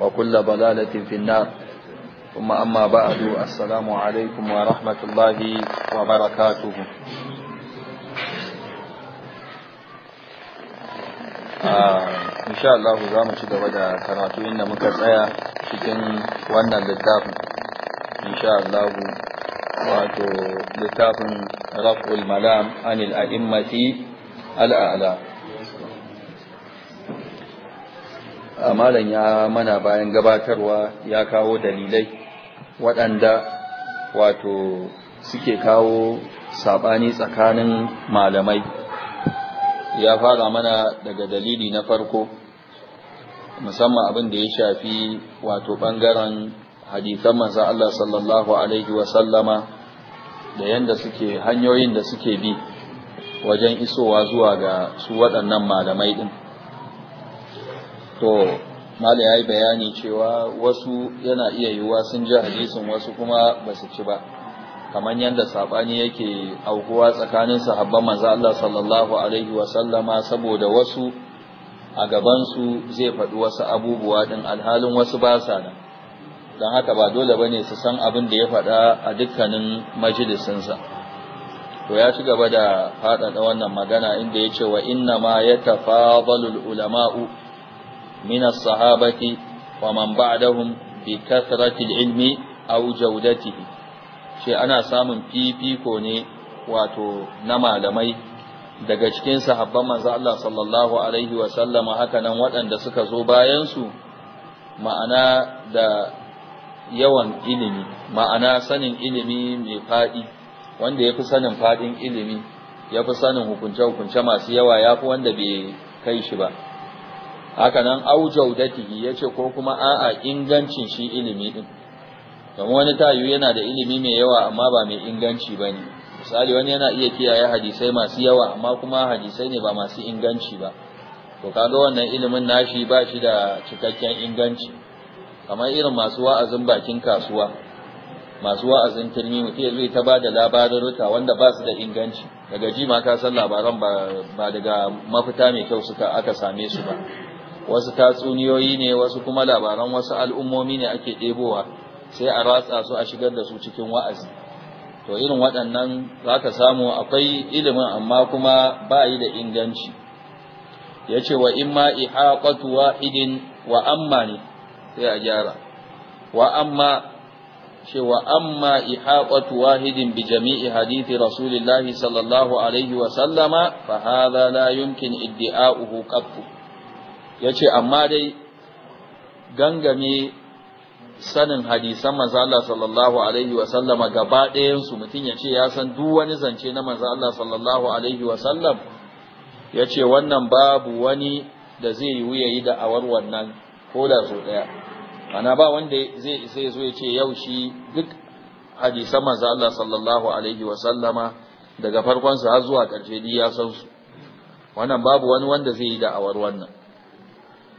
وكل ضلالة في النار ثم أما بعد السلام عليكم ورحمة الله وبركاته insha Allah za mu ci gaba da karatu inda muka tsaya cikin wannan littafin insha Allah wato littafin raf'ul malam anil a'immati al'ala malam ya mana bayan gabatarwa ya kawo dalilai waɗanda wato suke kawo saɓani tsakanin malamai ya fara mana daga dalili na farko musamman abin da ya shafi wato ɓangaren hadisan manzan Allah sallallahu Alaihi wasallama da yadda suke hanyoyin da suke bi wajen isowa zuwa ga su waɗannan malamai ɗin to mala ya yi bayani cewa wasu yana iya yiwuwa sun ji hadisin wasu kuma ba su ci ba kamar yadda saɓani yake aukuwa tsakanin sahabban manzo Allah sallallahu alaihi wa sallama saboda wasu a gabansu zai faɗi wasu abubuwa ɗin alhalin wasu ba sa nan don haka ba dole ba ne su san abin da ya faɗa a dukkanin majalisinsa to ya ci gaba da faɗaɗa wannan magana inda ya ce wa inna ma ya ulama'u من الصحابة ومن بعدهم بكثرة العلم أو جودته شيء أنا سامن في في كوني واتو نما لمي daga cikin sahabban manzo Allah sallallahu alaihi wa sallam haka nan waɗanda suka zo bayan su ma'ana da yawan ilimi ma'ana sanin ilimi mai faɗi wanda yafi sanin faɗin ilimi yafi sanin hukunce hukunce masu yawa yafi wanda bai kai shi ba haka nan au yace ko kuma a'a ingancin shi ilimi din kamar wani tayu yana da ilimi mai yawa amma ba mai inganci bane misali wani yana iya kiyaye hadisai masu yawa amma kuma hadisai ne ba masu inganci ba to kaga wannan ilimin nashi ba shi da cikakken inganci kamar irin masu wa'azin bakin kasuwa masu wa'azin turmi mutum zai ta ba da labarurruka wanda ba su da inganci daga ji ka san labaran ba daga mafita mai kyau suka aka same su ba wasu tatsuniyoyi ne wasu kuma labaran wasu al'ummomi ne ake ɗebowa sai a ratsa su a shigar da su cikin wa'azi to irin waɗannan za ka samu akwai ilimin amma kuma ba yi da inganci ya ce wa ma ihaƙatu wa'idin wa amma ne sai a gyara wa amma ce wa amma ihaƙatu wahidin bi jami'i hadithi rasulillahi sallallahu alaihi wa sallama fa hadha la yumkin iddi'a'uhu qattu ya ce amma dai gangame sanin hadisan manzo Allah sallallahu alaihi wa sallama gaba ɗayansu mutum ya ce ya san duk wani zance na manzo Allah sallallahu alaihi wa sallam ya ce wannan babu wani da zai yi wuya yi da awar wannan ko da so ɗaya ana ba wanda zai isa ya zo ya ce yau shi duk hadisan manzo Allah sallallahu alaihi wa sallama daga farkonsu har zuwa ƙarshe ya san su wannan babu wani wanda zai yi da awar wannan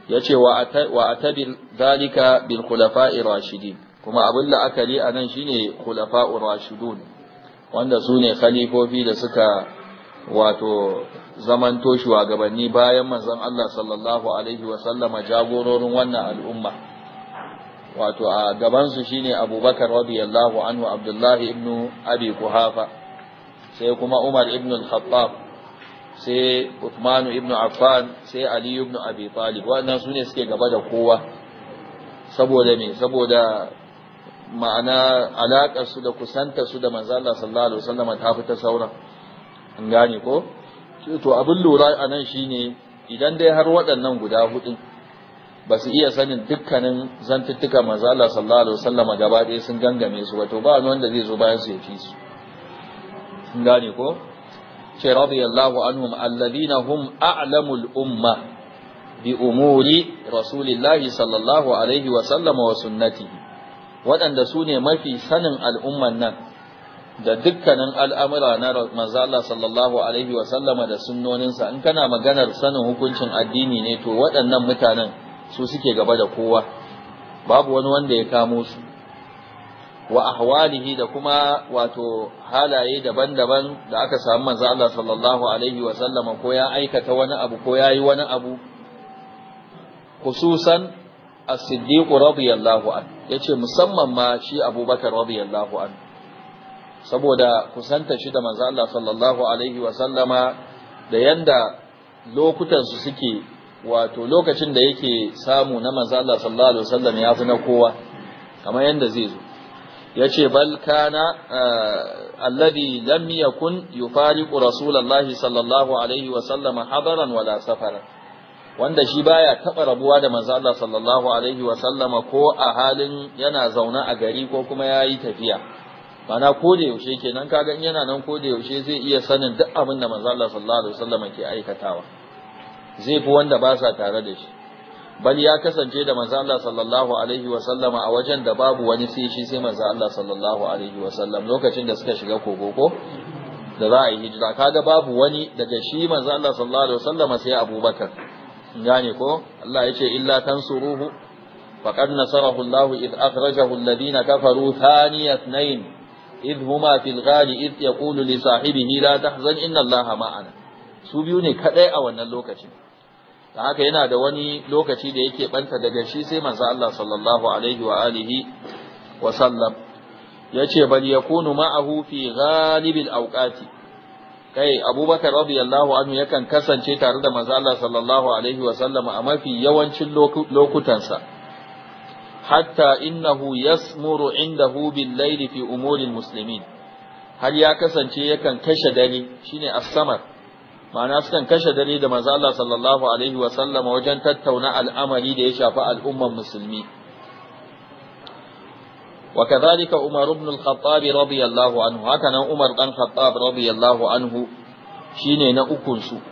ce wa atabil zalika bil khulafa'i rashidin kuma abin la'akari a nan shine kulafa rashidun wanda su ne khalifofi da suka wato wa shugabanni bayan manzon Allah sallallahu alaihi Wasallama jagororin wannan al'umma wato a gabansu shine Abubakar radiyallahu anhu Abdullahi ibn Abi Quhafa sai kuma Umar ibn al-Khattab sai Uthman ibn Affan sai Ali ibn Abi Talib waɗannan sune suke gaba da kowa saboda me saboda ma'ana alakar su da kusantar su da manzo Allah sallallahu alaihi wasallam ta fita sauran an gane ko to abin lura a nan shine idan dai har waɗannan guda hudu ba su iya sanin dukkanin zantuttuka manzo Allah sallallahu alaihi wasallam gaba ɗaya sun gangame su ba to ba wanda zai zo bayan su ya fi su sun gane ko ce radiyallahu anhum alladhina hum a'lamul umma bi umuri rasulillahi sallallahu alaihi wa sallama wa sunnatihi waɗanda su ne mafi sanin al'umman nan da dukkanin al'amura na manzo Allah sallallahu alaihi wa sallama da sunnoninsa in kana maganar sanin hukuncin addini ne to waɗannan mutanen su suke gaba da kowa babu wani wanda ya kamo su wa ahwalihi da kuma wato halaye daban-daban da aka samu manzo Allah sallallahu alaihi wa sallama ko ya aikata wani abu ko yayi wani abu khususan as-siddiq radiyallahu an yace musamman ma shi Abubakar radiyallahu an saboda kusanta shi da manzo Allah sallallahu alaihi wa sallama da yanda lokutan su suke wato lokacin da yake samu na manzo Allah sallallahu alaihi wa sallam ya fi na kowa kamar yanda zai zo yace ce balkana. Eh, alladhi lam yakun yufariqu rasulullahi sallallahu alaihi wa sallama hadaran wala safara wanda shi baya taba rabuwa da manzo Allah sallallahu alaihi wa sallama ko a halin yana zauna a gari ko kuma yayi tafiya mana ko da yaushe kenan kaga in yana nan ko da yaushe zai iya sanin duk abin da manzo Allah sallallahu alaihi wa sallama ke aikatawa zai fi wanda ba sa tare da shi bal ya kasance da manzo Allah sallallahu alaihi wa sallama a wajen da babu wani sai shi sai manzo Allah sallallahu alaihi wa sallam lokacin da suka shiga kogo ko da za a yi hijira kaga babu wani daga shi manzo Allah sallallahu alaihi wa sallama sai Abubakar gane ko Allah yace illa tansuruhu faqad nasarahu Allah id akhrajahu alladhina kafaru thaniya ithnain id huma fil ghari id yaqulu li sahibihi la tahzan inna Allah ma'ana su biyu ne kadai a wannan lokacin da haka yana da wani lokaci da yake banta daga shi sai manzo Allah sallallahu alaihi wa alihi wa sallam yace bal yakunu ma'ahu fi ghalibil awqati kai Abubakar radiyallahu anhu yakan kasance tare da manzo Allah sallallahu alaihi wa sallam a mafi yawancin lokutansa hatta innahu yasmuru indahu bil layli fi umuril muslimin har ya kasance yakan kashe dani, shine as-samar ma'ana sukan kashe dare da manzo Allah sallallahu alaihi wa wajen tattauna al'amari da ya shafi al'ummar musulmi وكذلك عمر بن الخطاب رضي الله عنه هكذا عمر بن الخطاب رضي الله عنه شيني نأكل سوء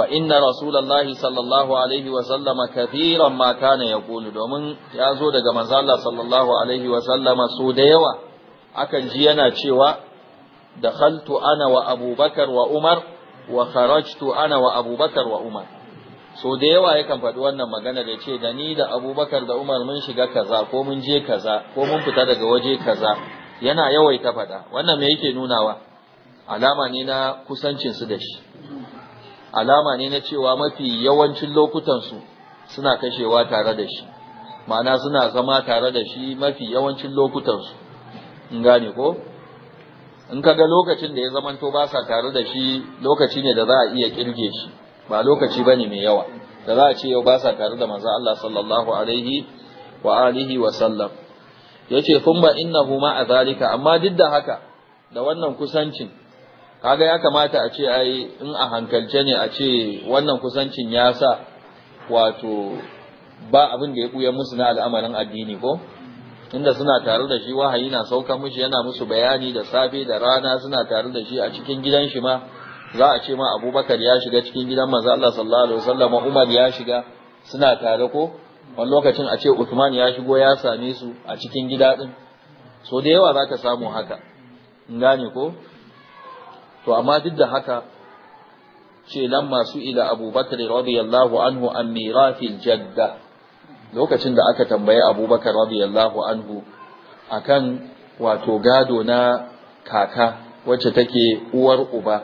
فإن رسول الله صلى الله عليه وسلم كثيرا ما كان يقول دومن يازو دغ منزال صلى الله عليه وسلم سو ديوا akan ji yana cewa dakhaltu ana wa Abubakar wa Umar wa kharajtu ana wa abubakar wa umar so da yawa yakan faɗi wannan magana da ce da ni da abubakar da umar mun shiga kaza ko mun je kaza ko mun fita daga waje kaza yana yawaita faɗa wannan me yake nunawa alama ne na kusancin su da shi alama ne na cewa mafi yawancin lokutan su suna kashewa tare da shi ma'ana suna zama tare da shi mafi yawancin lokutan su in gane ko in ka ga lokacin da ya zamanto ba sa tare da shi lokaci ne da za a iya kirge shi ba lokaci ba ne mai yawa da za a ce yau ba sa tare da manzo Allah sallallahu alaihi wa alihi wa sallam yace thumma innahu ma azalika amma duk da haka da wannan kusancin kaga ya kamata a ce ai in a hankalce ne a ce wannan kusancin ya sa wato ba abin da ya buya musu na al'amarin addini ko inda suna tare da shi wahayi na sauka mishi yana musu bayani da safe da rana suna tare da shi a cikin gidan shi ma za a ce ma abubakar ya shiga cikin gidan manzo Allah sallallahu alaihi wasallam Umar ya shiga suna tare ko wani lokacin a ce Uthman ya shigo ya same su a cikin gida din so da yawa zaka samu haka gane ko to amma duk da haka ce lamma su ila abubakar radiyallahu anhu an mirafil jadda lokacin da aka tambaye abubakar radiyallahu anhu akan wato gado na kaka wacce take uwar uba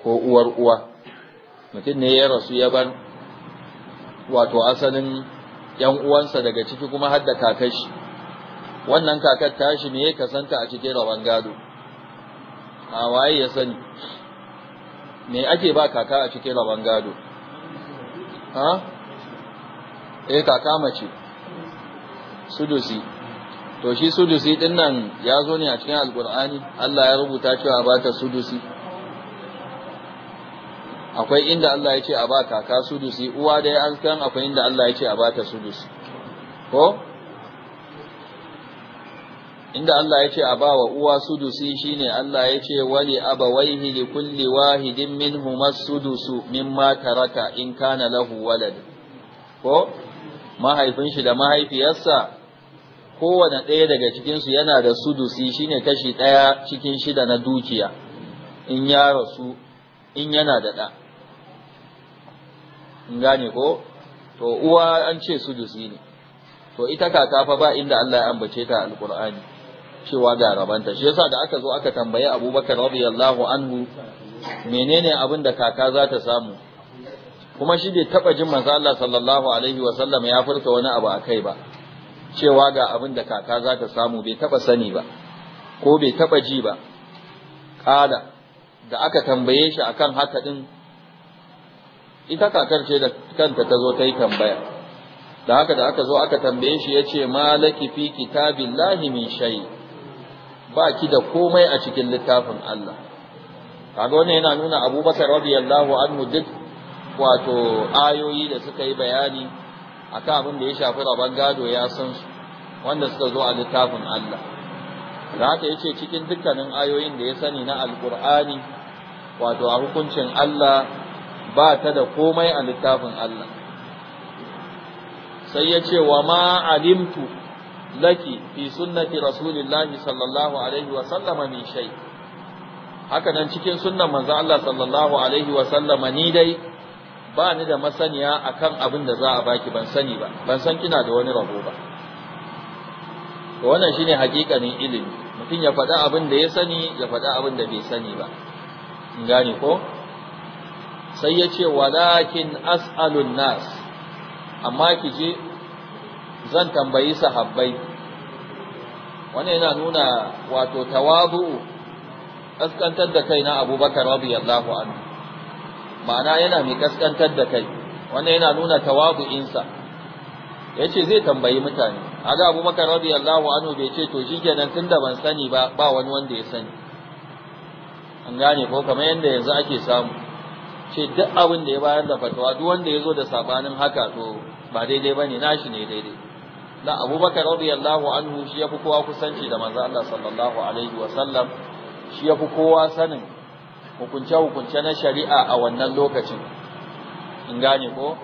ko uwar uwa mutum ne ya rasu ya bar wato asalin yan uwansa daga ciki kuma har da kakashi. wannan kakar tashi me ya kasanta a cikin rabon gado a waye ya sani me ake ba kaka a cikin rabon gado ha eh kaka mace sudusi to shi sudusi din nan ya zo ne a cikin alqur'ani Allah ya rubuta cewa ba ta sudusi akwai inda Allah ya ce a ba kaka sudusi uwa da an san akwai inda Allah ya ce a ba ta sudusi ko inda Allah ya ce a ba wa uwa sudusi shine Allah ya ce wali abawaihi li kulli wahidin minhum as-sudusu mimma taraka in kana lahu walad ko mahaifin shi da mahaifiyarsa kowane ɗaya daga cikinsu yana da sudusi shine kashi ɗaya cikin shida na dukiya in ya rasu in yana da ɗa in gane ko to uwa an ce sudusi ne to ita kaka fa ba inda Allah ya ambace ta alqur'ani cewa ga rabanta shi yasa da aka zo aka tambaye Abubakar radiyallahu anhu menene abin da kaka za ta samu kuma shi bai taba jin manzo Allah sallallahu alaihi wa sallam ya furta wani abu akai ba cewa ga abin da kaka za samu bai taba sani ba ko bai taba ji ba kala da aka tambaye shi akan haka din ita kakar ce da kanta ta zo ta yi tambaya da haka da aka zo aka tambaye shi ya ce malaki fi kitabillahi min shay ba ki da komai a cikin littafin Allah kaga wannan yana nuna Abubakar radiyallahu anhu duk wato ayoyi da suka yi bayani a kan abin da ya shafi rabon gado ya san su wanda suka zo a littafin Allah da haka ce cikin dukkanin ayoyin da ya sani na Alƙur'ani wato a hukuncin Allah ba ta da komai a littafin Allah sai ya ce wa ma alimtu laki fi sunnati rasulillahi sallallahu alaihi wa sallama min haka nan cikin sunnan manzo Allah sallallahu alaihi wa sallama ni dai ba ni da masaniya akan abin da za a baki ban sani ba ban san kina da wani rabo ba to wannan shine hakikanin ilimi mutum ya faɗa abin da ya sani ya faɗa abin da bai sani ba in gane ko sai ya ce walakin as'alun nas amma ki je zan tambayi sahabbai wannan yana nuna wato tawabu askantar da kaina na abubakar radiyallahu anhu ma'ana yana mai kaskantar da kai wannan yana nuna tawabu'insa yace zai tambayi mutane aga Abu Bakar radiyallahu anhu bai ce to shikenan tunda ban sani ba ba wani wanda ya sani an gane ko kamar yanda yanzu ake samu ce duk abin da ya bayar da fatawa duk wanda zo da sabanin haka to ba daidai bane nashi ne daidai Da Abu Bakar radiyallahu anhu shi yafi kowa kusanci da manzo Allah sallallahu alaihi wasallam shi yafi kowa sanin hukunce-hukunce na shari'a a wannan lokacin in gane ko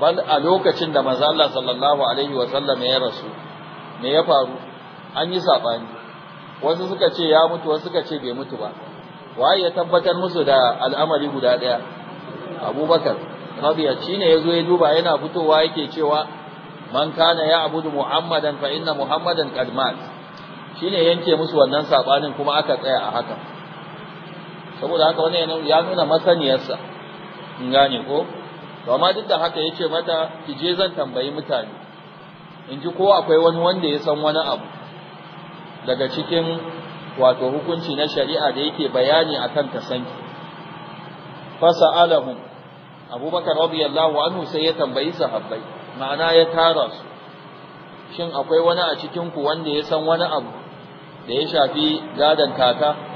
bal a lokacin da manzo Allah sallallahu alaihi wa sallam ya rasu me ya faru an yi sabani wasu suka ce ya mutu wasu suka ce bai mutu ba waye ya tabbatar musu da al'amari guda daya Abubakar Rabi'a shine yazo ya duba yana fitowa yake cewa man kana ya abudu muhammadan fa inna muhammadan qad mat shine yanke musu wannan sabanin kuma aka tsaya a haka saboda haka wannan ya nuna masaniyarsa in gane ko to amma duk da haka yace mata ki je zan tambayi mutane in ji ko akwai wani wanda ya san wani abu daga cikin wato hukunci na shari'a da yake bayani akan kasanki fasa'alahum abubakar radiyallahu anhu sai ya tambayi sahabbai ma'ana ya tara su shin akwai wani a cikin ku wanda ya san wani abu da ya shafi gadan kaka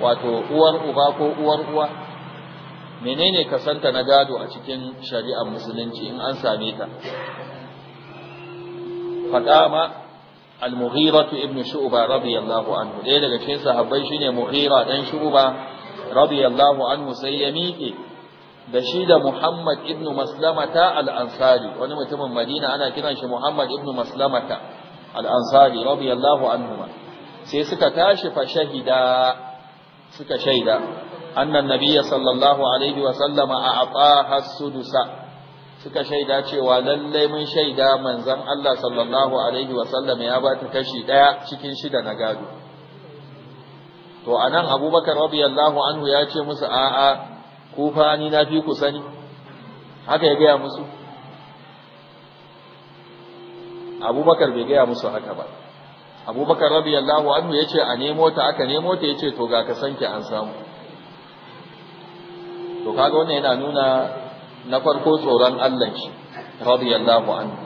wato uwar uba ko uwar uwa menene kasanta na gado a cikin shari'ar musulunci in an same ta fadama al-mughira ibn shu'ba radiyallahu anhu ɗaya daga cikin sahabbai shine muhira dan shu'ba radiyallahu anhu sai ya miƙe da shi da muhammad ibn maslamata al-ansari wani mutumin madina ana kiran shi muhammad ibn maslamata al-ansari radiyallahu anhu sai suka tashi fa shahida suka shaida annan nabiyya sallallahu alaihi wa sallama a'taha sudusa suka shaida cewa lalle mun shaida manzon Allah sallallahu alaihi wa sallama ya bata kashi daya cikin shida na gado to anan Abubakar radiyallahu anhu ya ce musu a'a ku fa ni na fi ku sani haka ya gaya musu Abubakar bai gaya musu haka ba abubakar radiyallahu anhu ya ce, a nemo ta aka nemo ta ya ce to ga ka sanke an samu to kaga wannan yana nuna na farko tsoron Allah shi radiyallahu anhu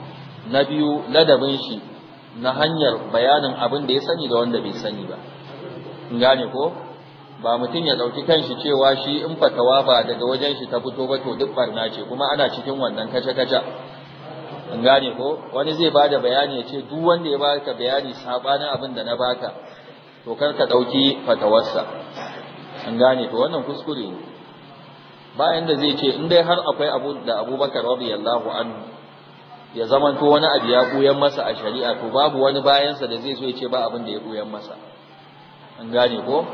na biyu ladabin shi na hanyar bayanin abin da ya sani da wanda bai sani ba in gane ko ba mutum ya ɗauki kanshi cewa shi in fatawa ba daga wajen shi ta fito ba to duk barna ce kuma ana cikin wannan kace-kace an gane ko wani zai bada bayani ya ce duk wanda ya baka bayani sabanin abin da na baka to kar ka dauki fatawarsa an gane to wannan kuskure ne bayan da zai ce in dai har akwai abu da Abubakar radiyallahu anhu ya zamanto wani abu ya buyan masa a shari'a to babu wani bayansa da zai so ya ce ba abin da ya buyan masa an gane ko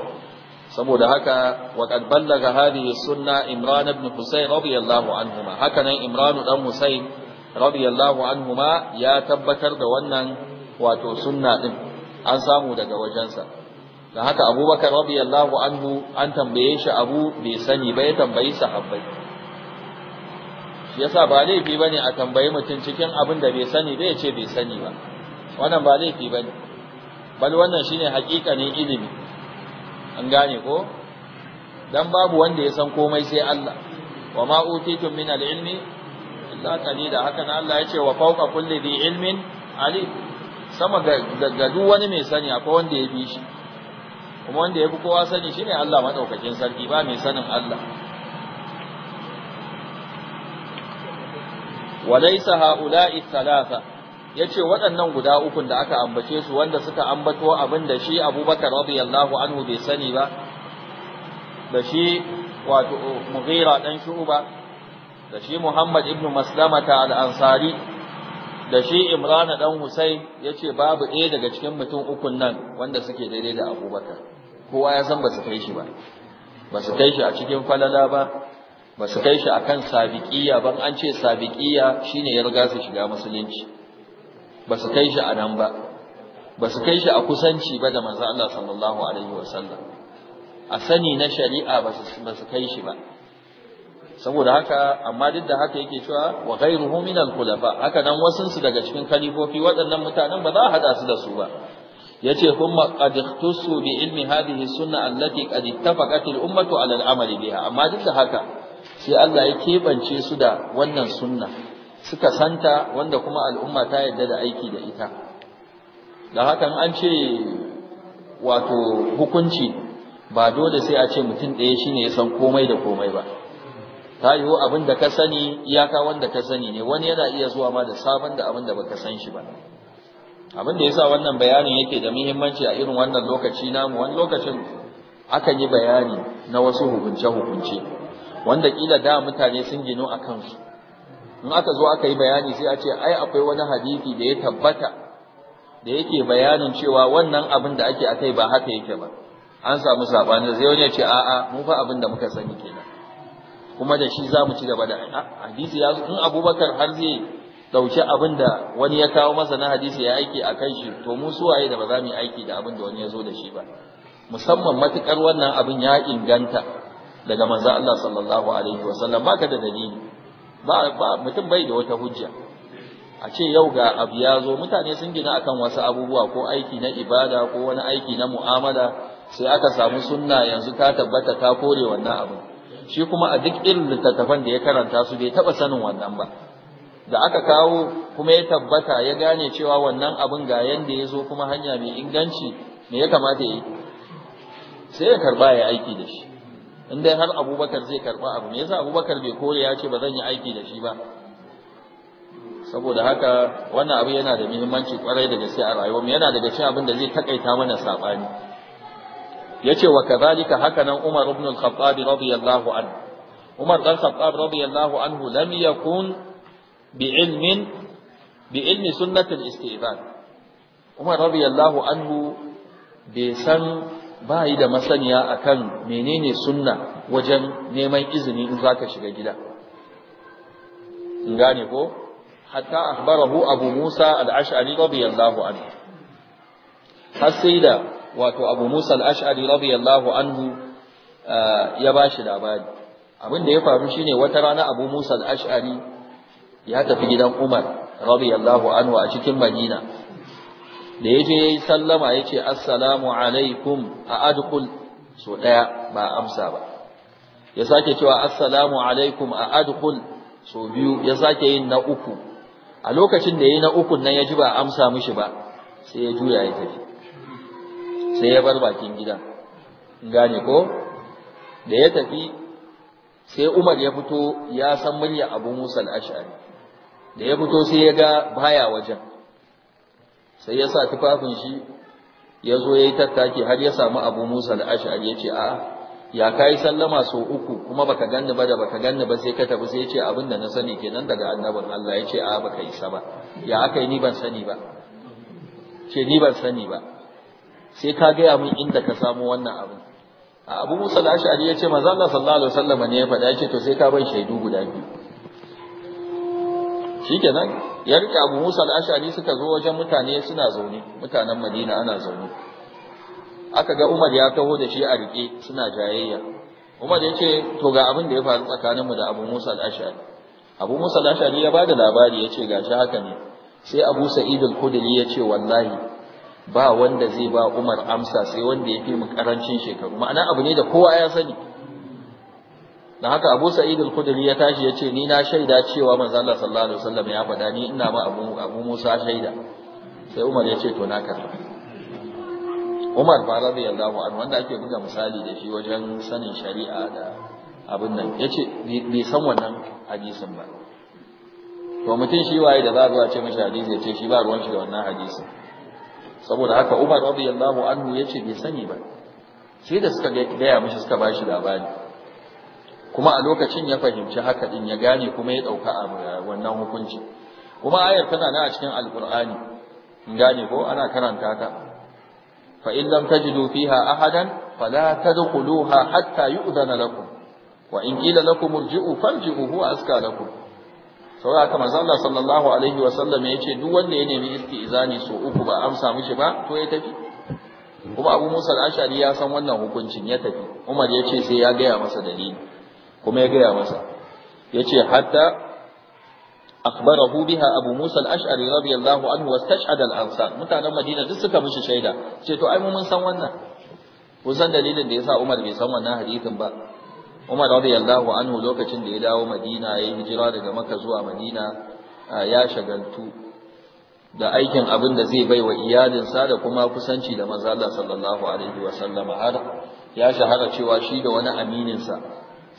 saboda haka waqad ballaga hadhihi sunna imran ibn husayn radiyallahu Anhu haka nan imran dan husayn radiyallahu anhuma ya tabbatar da wannan wato sunna din an samu daga wajensa da haka abubakar radiyallahu anhu an tambaye shi abu bai sani ba ya tambayi sahabbai yasa ba laifi bane a tambayi mutum cikin abin da bai sani ba ya ce bai sani ba wannan ba laifi bane bal wannan shine hakikanin ilimi an gane ko dan babu wanda ya san komai sai Allah wa ma utitum min al-ilmi rizqa qalila haka nan Allah ya ce wa fawqa kulli dhi ilmin alim sama ga duk wani mai sani akwai wanda ya bi shi kuma wanda ya fi kowa sani shine Allah madaukakin sarki ba mai sanin Allah walaysa haula'i thalatha yace waɗannan guda ukun da aka ambace su wanda suka ambato abin da shi Abubakar radiyallahu anhu bai sani ba da shi wato Mughira dan Shu'ba da shi Muhammad ibn Maslamata al-Ansari da shi Imran dan Husayn yace babu ɗaya daga cikin mutum uku nan wanda suke daidai da Abubakar kowa ya san ba su kai shi ba ba su kai shi a cikin falala ba ba su kai shi akan sabiqiyya ban an ce sabiqiyya shine ya riga su shiga musulunci ba su kai shi a nan ba ba su kai shi a kusanci ba da manzo Allah sallallahu alaihi wasallam a sani na shari'a ba su kai shi ba saboda haka amma duk da haka yake cewa wa ghayruhu min al-khulafa haka nan wasun su daga cikin kalifofi waɗannan mutanen ba za a hada su da su ba yace kuma qad ikhtusu bi ilmi hadhihi sunna allati qad ittafaqat al-ummatu ala al-amal biha amma duk da haka sai Allah ya kebance su da wannan sunna suka santa wanda kuma al'umma ta yarda da aiki da ita da hakan an ce wato hukunci ba dole sai a ce mutum ɗaya shine ya san komai da komai ba yi wa abin da ka sani iyaka wanda ka sani ne wani yana iya zuwa ma da sabon da abin da baka san shi ba abin da yasa wannan bayanin yake da muhimmanci a irin wannan lokaci namu wani lokacin akan yi bayani na wasu hukunce hukunce wanda kila da mutane sun gino a kansu in aka zo aka yi bayani sai a ce ai akwai wani hadisi da ya tabbata da yake bayanin cewa wannan abin da ake akai ba haka yake ba an samu sabani sai wani ya ce a'a mu fa abin da muka sani kenan kuma da shi za mu ci gaba da hadisi ya in abubakar har zai ɗauki abin da wani ya kawo masa na hadisi ya aiki a kan shi to mu waye da ba za mu yi aiki da abin da wani ya zo da shi ba musamman matuƙar wannan abin ya inganta daga manzo Allah sallallahu alaihi wasallam baka da dalili ba ba mutum bai da wata hujja a ce yau ga abu ya zo mutane sun gina akan wasu abubuwa ko aiki na ibada ko wani aiki na mu'amala sai aka samu sunna yanzu ta tabbata ta kore wannan abin shi kuma a duk irin littattafan da ya karanta su bai taba sanin wannan ba da aka kawo kuma ya tabbata ya gane cewa wannan abin ga yanda ya zo kuma hanya mai inganci me ya kamata yi sai ya karba ya aiki da shi in dai har abubakar zai karba abu me yasa abubakar bai kore ya ce ba zan yi aiki da shi ba saboda haka wannan abu yana da muhimmanci kwarai da gaske a rayuwar mu yana daga cikin abin da zai takaita mana saɓani. yace wa kadhalika hakanan Umar ibn al-Khattab radiyallahu anhu Umar dan Khattab radiyallahu anhu lam yakun bi ilmin bi ilmi sunnat al-istizan Umar radiyallahu anhu bai san ba yi da masaniya akan menene sunna wajen neman izini in zaka shiga gida gane ko hatta akhbarahu Abu Musa al-Ash'ari radiyallahu anhu har sai da wato Abu Musa al radiyallahu anhu uh, ya bashi labari abin da ya faru shine wata rana Abu Musa al-Ash'ari ya tafi gidan Umar radiyallahu anhu a cikin Madina da ya je yi sallama ce assalamu alaikum a adkhul so ɗaya ba amsa ba ya sake cewa assalamu alaikum a adkhul so biyu ya sake yin na uku a lokacin da yayi na uku nan ya ji ba amsa mishi ba sai ya juya ya tafi sai ya bar bakin gidan gane ko da ya tafi sai Umar ya fito ya san murya Abu Musa al-Ash'ari da ya fito sai ya ga baya wajen sai ya sa tufafin shi ya zo ya yi tattaki har ya samu Abu Musa al-Ash'ari ya ce a ya kai sallama so uku kuma baka ganni ba da baka ganni ba sai ka tafi sai ya ce abinda na sani kenan daga annabin Allah ya ce a baka isa ba ya aka ni ban sani ba ce ni ban sani ba sai ka gaya mun inda ka samu wannan abin abu musa al-ash'ari ya ce manzo Allah sallallahu alaihi wasallam ne ya faɗa ce to sai ka ban shaidu guda biyu shikenan ya rike abu musa al-ash'ari suka zo wajen mutane suna zaune mutanen madina ana zaune aka ga umar ya taho da shi a rike suna jayayya umar ya ce to ga abin da ya faru tsakaninmu da abu musa al-ash'ari abu musa al-ash'ari ya bada labari ya ce gashi haka ne sai abu sa'id al-khudri ya ce wallahi ba wanda zai ba Umar amsa sai wanda ya fi mu karancin shekaru ma'ana abu ne da kowa ya sani dan haka Abu Sa'id al-Khudri ya tashi ya ce ni na shaida cewa manzo Allah sallallahu alaihi wasallam ya faɗa ni ina ba Abu Abu Musa shaida sai Umar ya ce to na Umar ba radiyallahu anhu wanda ake buga misali da shi wajen sanin shari'a da abin nan yace bai san wannan hadisin ba to mutum shi waye da za a zo a ce mishi hadisi ya ce shi ba ruwan shi da wannan hadisin saboda haka Umar radiyallahu anhu yace bai sani ba sai da suka gaya mishi suka bashi labari kuma a lokacin ya fahimci haka din ya gane kuma ya dauka wannan hukunci kuma ayar tana nan a cikin alqur'ani gane ko ana karanta ta fa in lam tajidu fiha ahadan fala tadkhuluha hatta yu'zana lakum wa in qila lakum irji'u farji'u huwa aska lakum saboda haka manzo sallallahu alaihi wasallam ya ce duk wanda ya nemi istizani so uku ba amsa mishi ba to ya tafi kuma Abu Musa al-Ash'ari ya san wannan hukuncin ya tafi Umar ya ce sai ya gaya masa dalili kuma ya gaya masa ya ce hatta akhbarahu biha Abu Musa al-Ash'ari radiyallahu anhu wastashhad al-ansar mutanen Madina duk suka mishi shaida ce to ai mu mun san wannan kun san dalilin da yasa Umar bai san wannan hadisin ba Umar radiyallahu anhu lokacin da ya dawo Madina ya hijira daga Makka zuwa Madina ya shagaltu da aikin abin da zai bai wa iyalinsa da kuma kusanci da manzo Allah sallallahu alaihi wasallam har ya shahara cewa shi da wani amininsa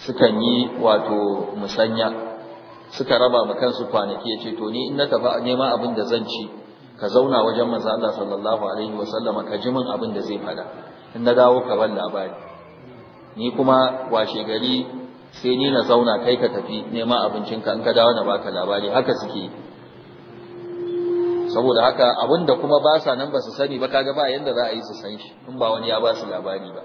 sukan yi wato musanya suka raba ma kansu kwanaki yace to ni in na tafi neman abin da zan ci ka zauna wajen manzo Allah sallallahu alaihi wasallam ka ji min abin da zai fada in na dawo ka ban labari ni kuma washe gari sai ni na zauna kai ka tafi neman abincinka in ka dawo na baka labari haka suke saboda haka abinda kuma ba sa nan ba su sani ba kaga ba yanda za a yi su san shi in ba wani ya ba su labari ba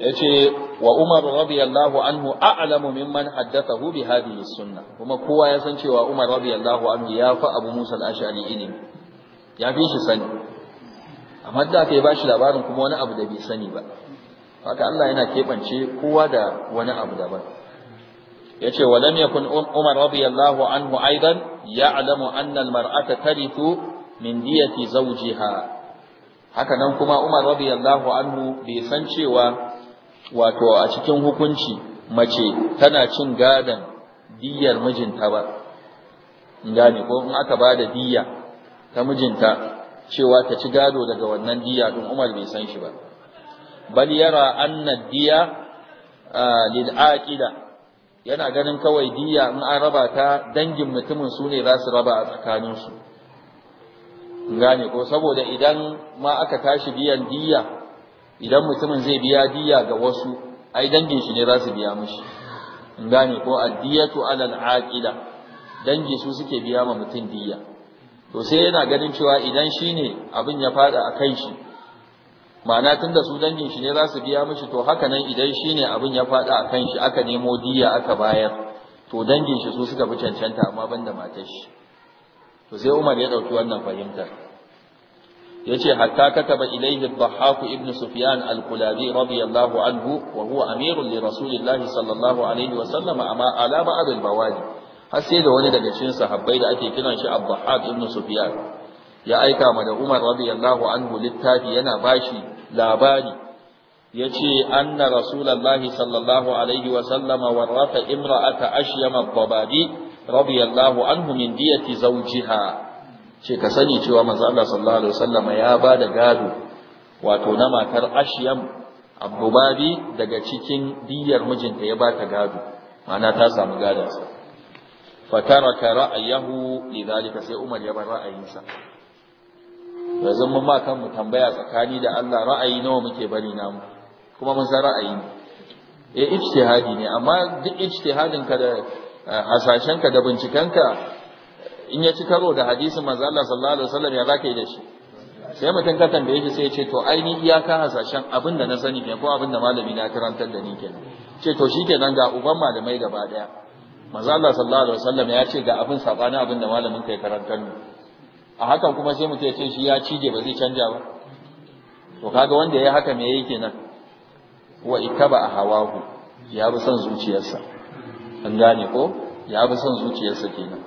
yace wa Umar radiyallahu anhu a'lamu mimman haddathahu bi hadhihi sunna kuma kowa ya san cewa Umar radiyallahu anhu ya fa Abu Musa al-Ash'ari ilimi ya fi shi sani amma da aka yi ba shi labarin kuma wani abu da bai sani ba haka Allah yana keɓance kowa da wani abu daban ya ce wa lam yakun umar radiyallahu anhu aidan ya'lamu anna al-mar'ata tarithu min diyati zawjiha haka nan kuma umar radiyallahu anhu bai san cewa wato a cikin hukunci mace tana cin gadan diyar mijinta ba gane ko in aka bada diya ta mijinta cewa ta ci gado daga wannan diya din Umar bai san shi ba bal yara anna diya lil aqida yana ganin kawai diya in an raba ta dangin mutumin su ne za su raba a tsakanin su gane ko saboda idan ma aka tashi biyan diya idan mutumin zai biya diya ga wasu ai dangin shi ne za su biya mishi gane ko addiyatu alal aqida dangi su suke biya ma mutum diya to sai yana ganin cewa idan ne abin ya fada a kan shi ma'ana tunda su dangin shi ne za su biya mishi to haka nan idan shine abin ya fada a kan shi aka nemo diya aka bayar to dangin shi su suka fi cancanta amma banda matar shi to sai Umar ya ɗauki wannan fahimtar yace hatta kataba ilayhi ad-Dhahhak ibn Sufyan al-Qulabi radiyallahu anhu wa huwa amirun li Rasulillahi sallallahu alaihi wa sallama, amma ala ba'd al-bawadi har sai da wani daga cikin sahabbai da ake kiran shi Abbahab ibn Sufyan ya aika ma da Umar radiyallahu anhu littafi yana bashi labari yace anna rasulullahi sallallahu alaihi wa sallama warafa imra'ata ashyama babadi radiyallahu anhu min diyati zawjiha ce ka sani cewa manzo Allah sallallahu alaihi wasallama ya bada gado wato na matar ashyam abubabi daga cikin diyar mijinta ya ba ta gado ma'ana ta samu sa. fataraka ra'ayahu lidhalika sai Umar ya bar ra'ayinsa yanzu mun ma kan mu tambaya tsakani da Allah ra'ayi nawa muke bari namu kuma mun san ra'ayi ne eh ijtihadi ne amma duk ijtihadin ka da eh, hasashen ka da binciken ka in ya ci karo da hadisin manzo Allah sallallahu alaihi wasallam ya zaka yi da shi sai mutum ka tambaye shi sai ya ce to aini iyaka hasashen abin da na sani ne ko abin da malami na karantar da ni kenan ce to shikenan ga uban malamai gaba daya manzo Allah sallallahu alaihi wasallam ya ce ga abin sabani abin da malamin kai karantar ne a hakan kuma sai mutum ya ce shi ya cije ba zai canja ba to kaga wanda yayi haka me yake nan wa ittaba hawahu ya bi son zuciyarsa an gane ko ya bi son zuciyarsa kenan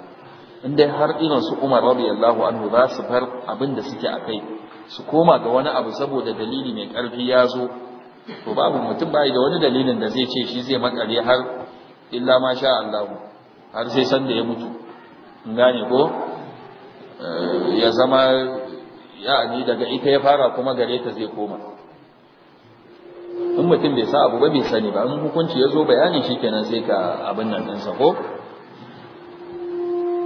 in dai har irin su Umar radiyallahu anhu za su bar abin da suke a kai su koma ga wani abu saboda dalili mai karfi ya zo to babu mutum bai da wani dalilin da zai ce shi zai makare har illa ma sha Allah har sai san da ya mutu in gane ko eh, ya zama ya'ani daga ita ya fara kuma gare ta zai koma in mutum bai sa abu ba bai sani ba in hukunci ya zo bayanin shi kenan sai ka abin nan ɗinsa ko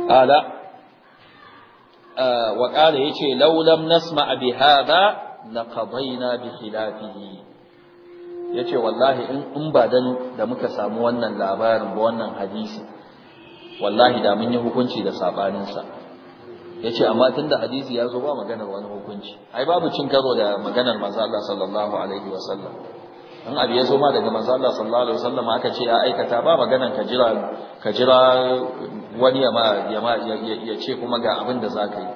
ala eh, wa ƙala ya ce laulam nasma abi hada laqadaina bi khilafihi ya ce wallahi in ba dan da muka samu wannan labarin ba wannan hadisi wallahi da mun yi hukunci da sabaninsa ya ce amma tun da hadisi ya zo ba maganar wani hukunci ai babu cin karo da maganar manzo Allah sallallahu alaihi wasallam in abu ya zo ma daga manzo Allah sallallahu alaihi wasallam aka ce ya aikata ba maganar ka jira ka jira wani ya ma ya ce kuma ga abin da zaka yi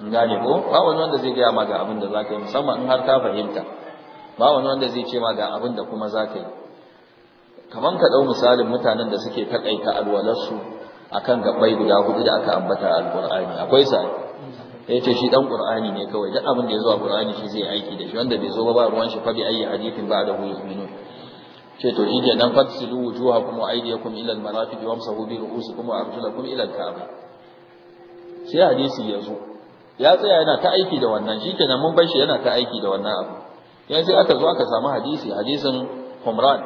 in gane ko ba wani wanda zai gaya ma ga abin da zaka yi musamman in har ka fahimta ba wani wanda zai ce ma ga abin da kuma za ka yi kamar ka ɗau misalin mutanen da suke taƙaita alwalarsu a kan gaɓɓai guda hudu da aka ambata alƙur'ani akwai sa ya ce shi ɗan ƙur'ani ne kawai duk abin da ya zo a ƙur'ani shi zai aiki da shi wanda bai zo ba ruwan shi fa bi ayi hadithin ba da huyu minu ce to idan kenan fatsilu wujuha kuma aidiyakum ila almarafiq wa amsahu bi ru'usikum wa arjulakum ila al sai hadisi ya zo ya tsaya yana ta aiki da wannan shi kenan mun bar shi yana ta aiki da wannan abu ya aka zo aka samu hadisi hadisin umran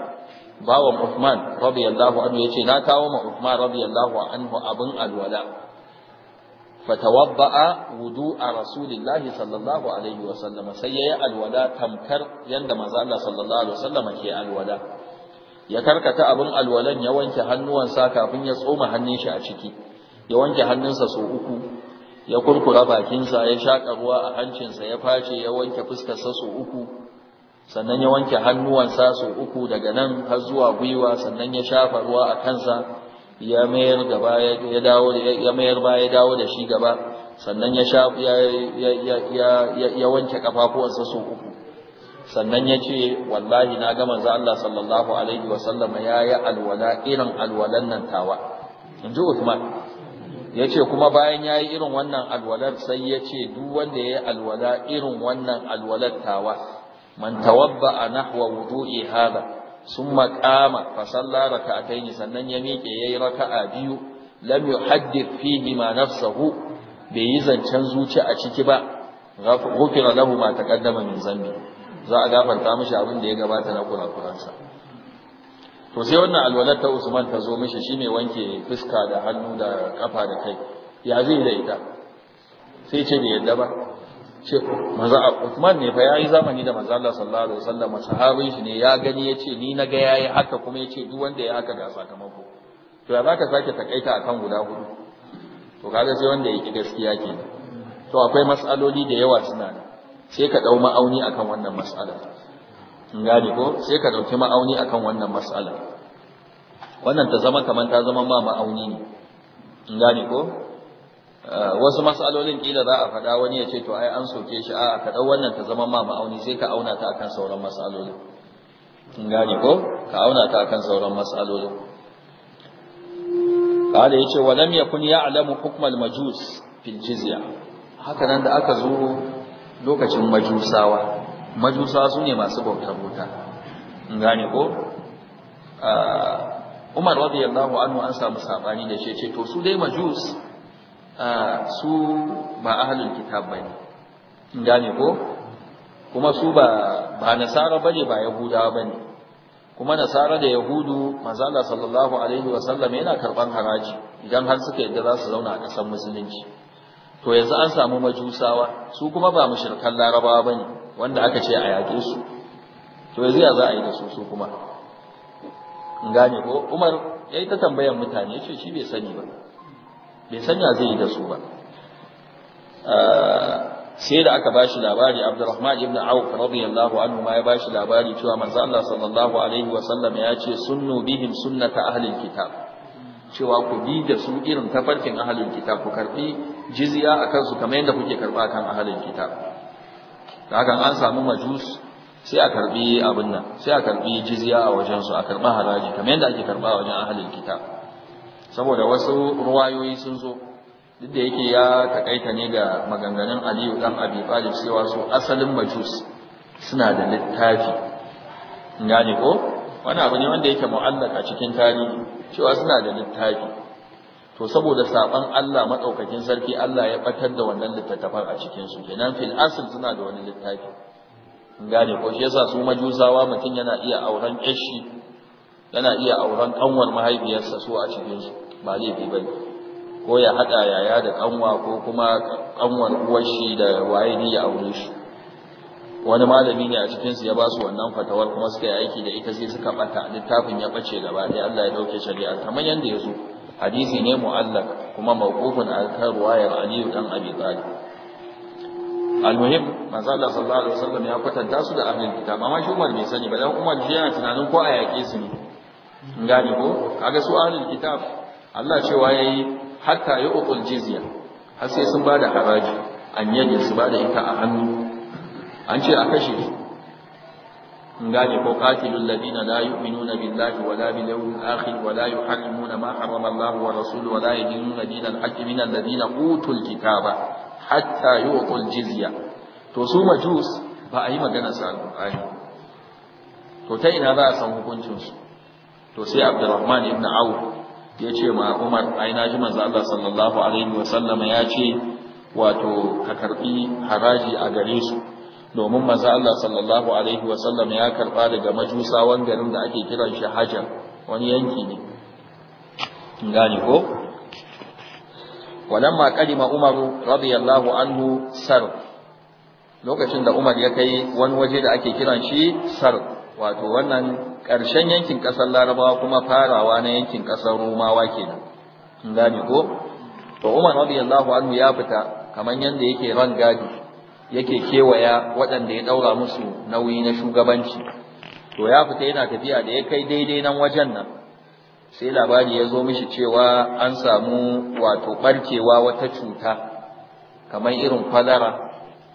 bawan Uthman radiyallahu anhu yace na kawo ma Uthman radiyallahu anhu abin alwala fatawadda'a wudu'a rasulillahi sallallahu alaihi wa sallam sai yayi alwala tamkar yanda manzo Allah sallallahu alaihi wa sallam ke alwala ya karkata abin alwalan ya wanke hannuwansa kafin ya tsoma hannun shi a ciki ya wanke hannunsa sau uku ya kurkura bakinsa ya shaƙa ruwa a hancinsa ya face ya wanke fuskarsa sau uku sannan ya wanke hannuwansa sau uku daga nan har zuwa gwiwa sannan ya shafa ruwa a kansa ya mayar da baya ya dawo ya mayar baya dawo da shi gaba sannan ya shafa ya ya ya ya wanke kafafuwansa sau uku sannan ya ce wallahi na ga manzo Allah sallallahu alaihi wa sallam ya yi alwala irin alwalan nan tawa inji Uthman ya ce kuma bayan ya yi irin wannan alwalar sai ya ce duk wanda ya yi alwala irin wannan alwalar tawa man tawabba'a nahwa wudu'i hada summa qama fa salla rak'atayn sannan ya miƙe yayi raka'a biyu lam yuhaddith fihi ma nafsuhu bai yi zancen zuci a ciki ba ghufira lahu ma taqaddama min zambi za a gafarta mishi abin da ya gabata na kurakuransa to sai wannan alwalar ta Usman ta zo mishi shine wanke fuska da hannu da kafa da kai ya zai da ita sai ce bai yadda ba ce manzo Uthman ne fa yayi zamani da manzo Allah sallallahu alaihi wasallam sahabin shi ne ya gani yace ni na ga yayi haka kuma yace duk wanda ya haka ga sakamako to ya zaka sake takaita akan guda hudu to kaga sai wanda yake gaskiya ke to akwai mas'aloli da yawa suna ne. sai ka dau ma'auni akan wannan mas'ala in gane ko sai ka dauki ma'auni akan wannan mas'ala wannan ta zama kamar ta zama ma ma'auni ne in gane ko Eh, wasu mas'alolin kila za a faɗa wani ya ce to ai an soke shi a ka ɗau wannan ta zama ma ma'auni sai ka auna ta akan sauran mas'alolin kin gane ko ka auna ta akan sauran mas'alolin ya yace wa lam yakun ya'lamu hukm al-majus fil jizya haka nan da aka zo lokacin majusawa majusawa sune masu bautar buta kin gane ko eh, Umar radiyallahu anhu an samu sabani da shi ce to su dai majus su ba ahlul kitab bane gane ko kuma su ba ba nasara bane ba yahudawa bane kuma nasara da yahudu manzo Allah sallallahu alaihi sallam yana karban haraji idan har suka yadda za su zauna a ƙasar musulunci to yanzu an samu majusawa su kuma ba mushrikan larabawa bane wanda aka ce a yaƙe su to yanzu ya za a yi da su su kuma gane ko Umar yayi ta tambayan mutane yace shi bai sani ba bai sanya zai yi da su ba ah, sai da aka bashi labari Abdurrahman ibn Auf radiyallahu anhu ma ya bashi labari cewa manzo Allah sallallahu alaihi wa sallam ya ce sunnu bihim sunnata ahlil kitab cewa ku bi da su irin tafarkin ahlul kitab ku karbi jizya akan su kamar yadda kuke karba kan ahlul kitab hakan an samu majus sai a karbi abin nan sai a karbi jizya a wajen su a karba haraji kamar yadda ake karba wajen ahlul kitab saboda wasu ruwayoyi sun zo duk da yake ya takaita ne ga maganganun aliyu dan abi talib cewa su asalin majus suna da littafi gane ko wani abu ne wanda yake mu'allaka cikin tarihi cewa suna da littafi to saboda saban Allah madaukakin sarki Allah ya batar da wannan littafin a cikin su kenan fil asl suna da wani littafi gane ko shi yasa su majusawa mutum yana iya auren ishi yana iya auren kanwar mahaifiyarsa so a cikin ba laifi ko ya haɗa yaya da kanwa ko kuma kanwar uwar shi da waye ne ya aure shi wani malami ne a cikinsu ya ba su wannan fatawar kuma suka yi aiki da ita sai suka bata littafin ya bace gaba ɗaya Allah ya dauke shari'a kamar yadda ya zo hadisi ne mu'allaq kuma mawqufun akan ruwayar Ali dan Abi Talib almuhim manzo Allah sallallahu alaihi wasallam ya kwatanta su da ahlul kitab amma shi Umar bai sani ba dan Umar shi yana tunanin ko a yake su ne gane ko kaga su ahlul kitab Allah cewa yayi hatta ya uqul jizya har sai sun bada haraji an yanya su bada ita a hannu an ce a kashe su. gane ko qatilul ladina la yu'minuna billahi wala bil yawmil akhir wala yuharrimuna ma harrama Allah wa rasuluhu wala yadinuna dinal haqqi minal ladina utul kitaba hatta yuqul jizya to su majus ba a yi magana sa alqur'ani to ta ina za a san hukuncin su to sai abdurrahman ibn auf ya ce ma umar ai na ji manzo Allah sallallahu alaihi wasallam ya ce wato ka karbi haraji a gare su domin manzo Allah sallallahu alaihi wa wasallam ya karba daga majusa garin da ake kiran shi hajar wani yanki ne gane ko walamma kalima umaru radiyallahu anhu sar lokacin da umar ya kai wani waje da ake kiran shi sar wato wannan ƙarshen yankin ƙasar larabawa kuma farawa na yankin ƙasar romawa kenan in gane ko to umar radiyallahu anhu ya fita kamar yanda yake ran gadi yake kewaya waɗanda ya ɗaura musu nauyi na shugabanci to ya fita yana tafiya da ya kai daidai nan wajen nan sai labari ya zo mishi cewa an samu wato ɓarkewa wata cuta kamar irin kwalara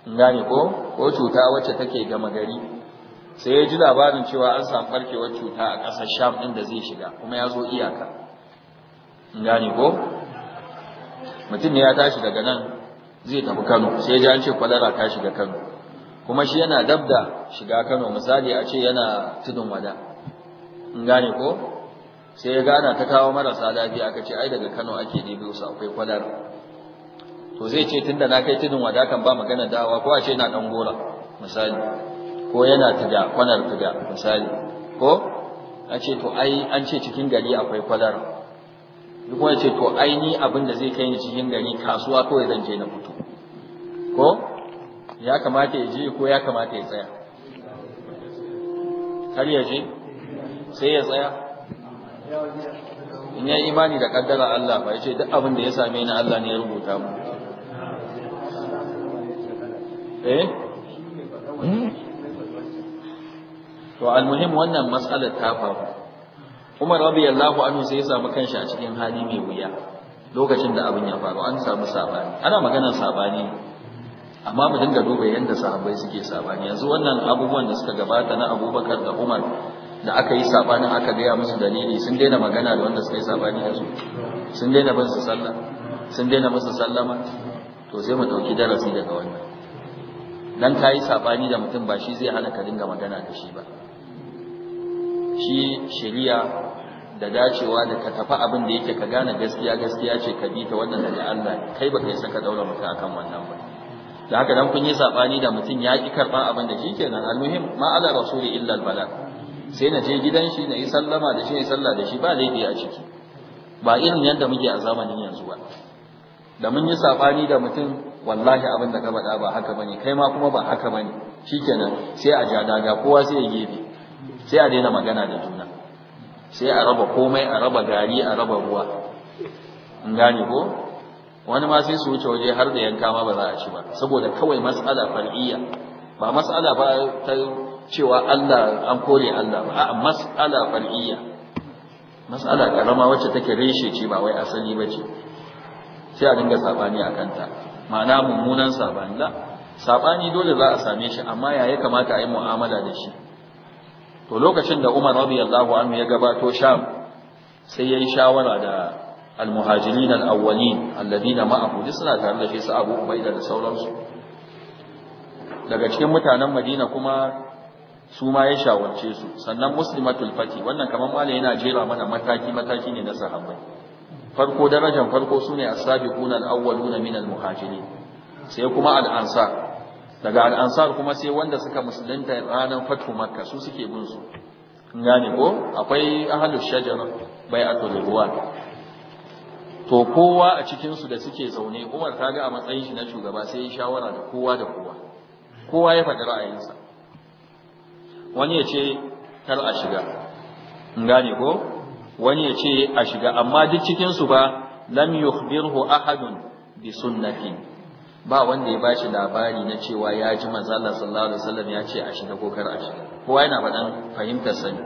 in gane ko ko cuta wacce take gama gari sai ya ji labarin cewa an samu barkewar cuta a ƙasar sham ɗin da zai shiga kuma ya zo iyaka in gane ko mutum ne ya tashi daga nan zai tafi kano sai ya ji an ce kwalara ta shiga kano kuma shi yana dab da shiga kano misali a ce yana tudun wada in gane ko sai ya gana ta kawo marasa lafiya aka ce ai daga kano ake ɗebe su akwai kwalara to zai ce tunda na kai tudun wada kan ba magana dawa ko a ce na ɗan gora misali ko yana tuga kwanar tuga misali ko a ce to ai an ce cikin gari akwai kwalar, duk wani ce to ai ni abin da zai kai ni cikin gari kasuwa kawai zan je na fito ko ya kamata ya je ko ya kamata ya tsaya kar ya je sai ya tsaya in ya imani da kaddara Allah ba ya ce duk abin da ya same ni Allah ne ya rubuta mu eh hmm? to almuhim wannan matsalar ta faru Umar radiyallahu anhu sai ya samu kanshi a cikin hali mai wuya lokacin da abin ya faru an samu sabani ana maganar sabani amma mu dinga duba yadda sahabbai suke sabani yanzu wannan abubuwan da suka gabata na Abubakar da Umar da aka yi sabanin aka gaya musu dalili sun daina magana da wanda suka yi sabani da su sun daina bin su sallah sun daina musu sallama to sai mu dauki darasi daga wannan dan kai sabani da mutum ba shi zai hana ka dinga magana da shi ba shi shari'a da dacewa da ka tafi abin da yake ka gane gaskiya gaskiya ce ka bi ta wannan daga Allah kai baka isa ka daura mutum akan wannan ba da haka dan kun yi sabani da mutum ya ki karban abin da shikenan almuhim ma ala rasuli illa albala sai na je gidan shi na yi sallama da shi ne sallah da shi ba laifi a ciki ba irin yadda muke a zamanin yanzu ba da mun yi sabani da mutum wallahi abin da ka faɗa ba haka bane kai ma kuma ba haka bane shikenan sai a ja daga kowa sai ya gefe sai a daina magana da juna sai a raba komai a raba gari a raba ruwa in gane ko wani ma sai su wuce waje har da yanka ma ba za a ci ba saboda kawai mas'ala far'iyya ba mas'ala ba ta cewa Allah an kore Allah ba a'a mas'ala far'iyya mas'ala karama wacce take reshe ce ba wai asali ba ce sai a dinga sabani a kanta ma'ana mummunan sabani la sabani dole za a same shi amma yayi kamata a yi mu'amala da shi to lokacin da Umar radiyallahu anhu ya gabato Sham sai yayi shawara da al-muhajirin al-awwalin alladina ma'ahu suna tare da shi su Abu Ubaida da sauransu daga cikin mutanen Madina kuma su ma ya shawarce su sannan muslimatul fati wannan kamar mala yana jera mana mataki mataki ne na sahabbai farko darajar farko sune as-sabiquna al-awwaluna min al-muhajirin sai kuma al-ansar daga al'ansar kuma sai wanda suka musulunta ranar fatu makka su suke bin su gane ko akwai ahalus shajara bai a ruwa to kowa a cikinsu da suke zaune umar ta ga a matsayin shi na shugaba sai ya shawara da kowa da kowa kowa ya faɗi ra'ayinsa wani ya ce kar a shiga gane ko wani ya ce a shiga amma duk cikinsu ba lam yukhbirhu ahadun bi sunnati ba wanda ya bashi labari na cewa ya ji manzo sallallahu alaihi wasallam ya ce a shiga ko kar a shiga kowa yana faɗan fahimtar sani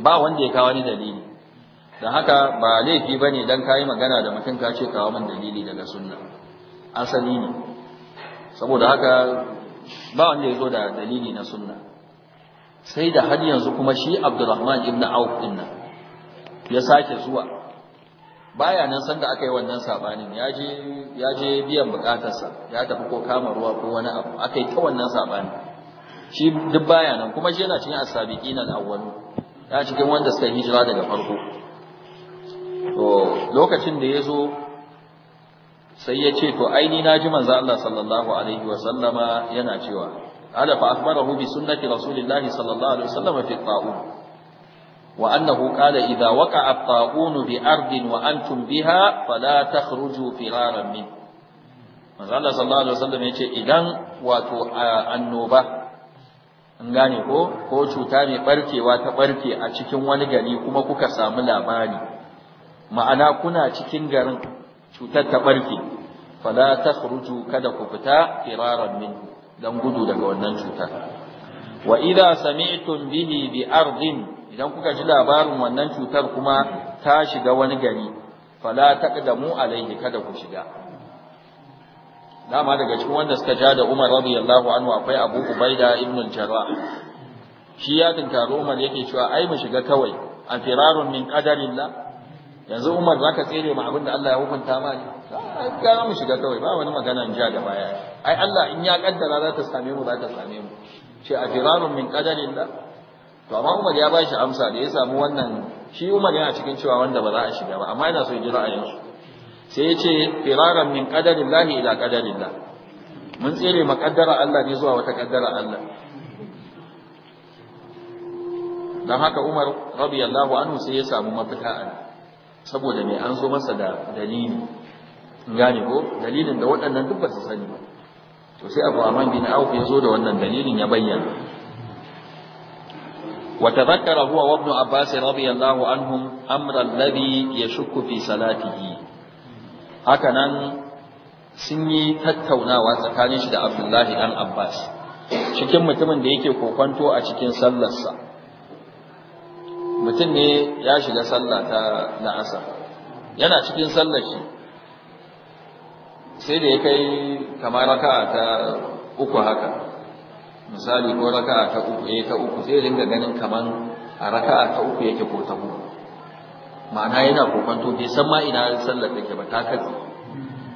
ba wanda ya kawo ni dalili dan haka ba laifi bane dan kai magana da mutum ka ce kawo min dalili daga sunna asali ne saboda haka ba wanda ya zo da dalili na sunna sai da har yanzu kuma shi abdurrahman ibn Auf din nan ya sake zuwa baya nan sanda aka yi wannan sabanin ya je ya je biyan bukatarsa ya tafi ko kama ruwa ko wani abu akai ta wannan sabani shi duk baya nan kuma shi yana cikin asabiki sabiqin al ya cikin wanda suka hijira daga farko to lokacin da ya zo sai ya ce to aini ji manzo Allah sallallahu alaihi wa sallama yana cewa ala fa akhbarahu bi sunnati rasulillahi sallallahu alaihi wa sallama fi ta'u wa annahu qala idza waqa'a at-taghun bi ardin wa antum biha fala takhruju firaran min manzo Allah sallallahu alaihi wasallam yace idan wato annoba an gane ko ko cuta mai barkewa ta barke a cikin wani gari kuma kuka samu labari ma'ana kuna cikin garin cutar ta barke fala takhruju kada ku fita firaran min dan gudu daga wannan cutar wa idza sami'tum bihi bi ardin idan kuka ji labarin wannan cutar kuma ta shiga wani gari fala taqdamu alaihi kada ku shiga dama daga cikin wanda suka ja da Umar radiyallahu anhu akwai Abu Ubaida ibn al-Jarrah shi ya tinkaro Umar yake cewa ai mu shiga kawai a firarun min qadarillah yanzu Umar zaka tsere mu abinda Allah ya hukunta ma ne ga mu shiga kawai ba wani magana ja da baya ai Allah in ya kaddara za ta same mu za ta same mu ce a firarun min qadarillah to amma Umar ya bashi amsa da ya samu wannan shi Umar yana cikin cewa wanda ba za a shiga ba amma yana so ya ji ra'ayin su sai ya ce firaran min qadarillah ila qadarillah mun tsere makaddara Allah ne zuwa wata kaddara Allah dan haka Umar radiyallahu anhu sai ya samu mafita a saboda mai an zo masa da dalili gane ko dalilin da waɗannan duk ba su sani ba to sai Abu Aman bin Auf ya zo da wannan dalilin ya bayyana وتذكر هو وابن عباس رضي الله عنهم ya shukufi salati. Haka nan sun yi tattaunawa tsakanin shi da Abdullahi dan Abbas. cikin mutumin da yake kokonto a cikin sallarsa mutum ne ya shiga sallah ta na'asa yana cikin sallar shi sai da ya kai kamar raka'a ta uku haka misali ko raka'a ta uku eh ta uku sai dinga ganin kaman a raka'a ta uku yake ko ta uku ma'ana yana kokonto bai san ma ina sallar take ba ta katse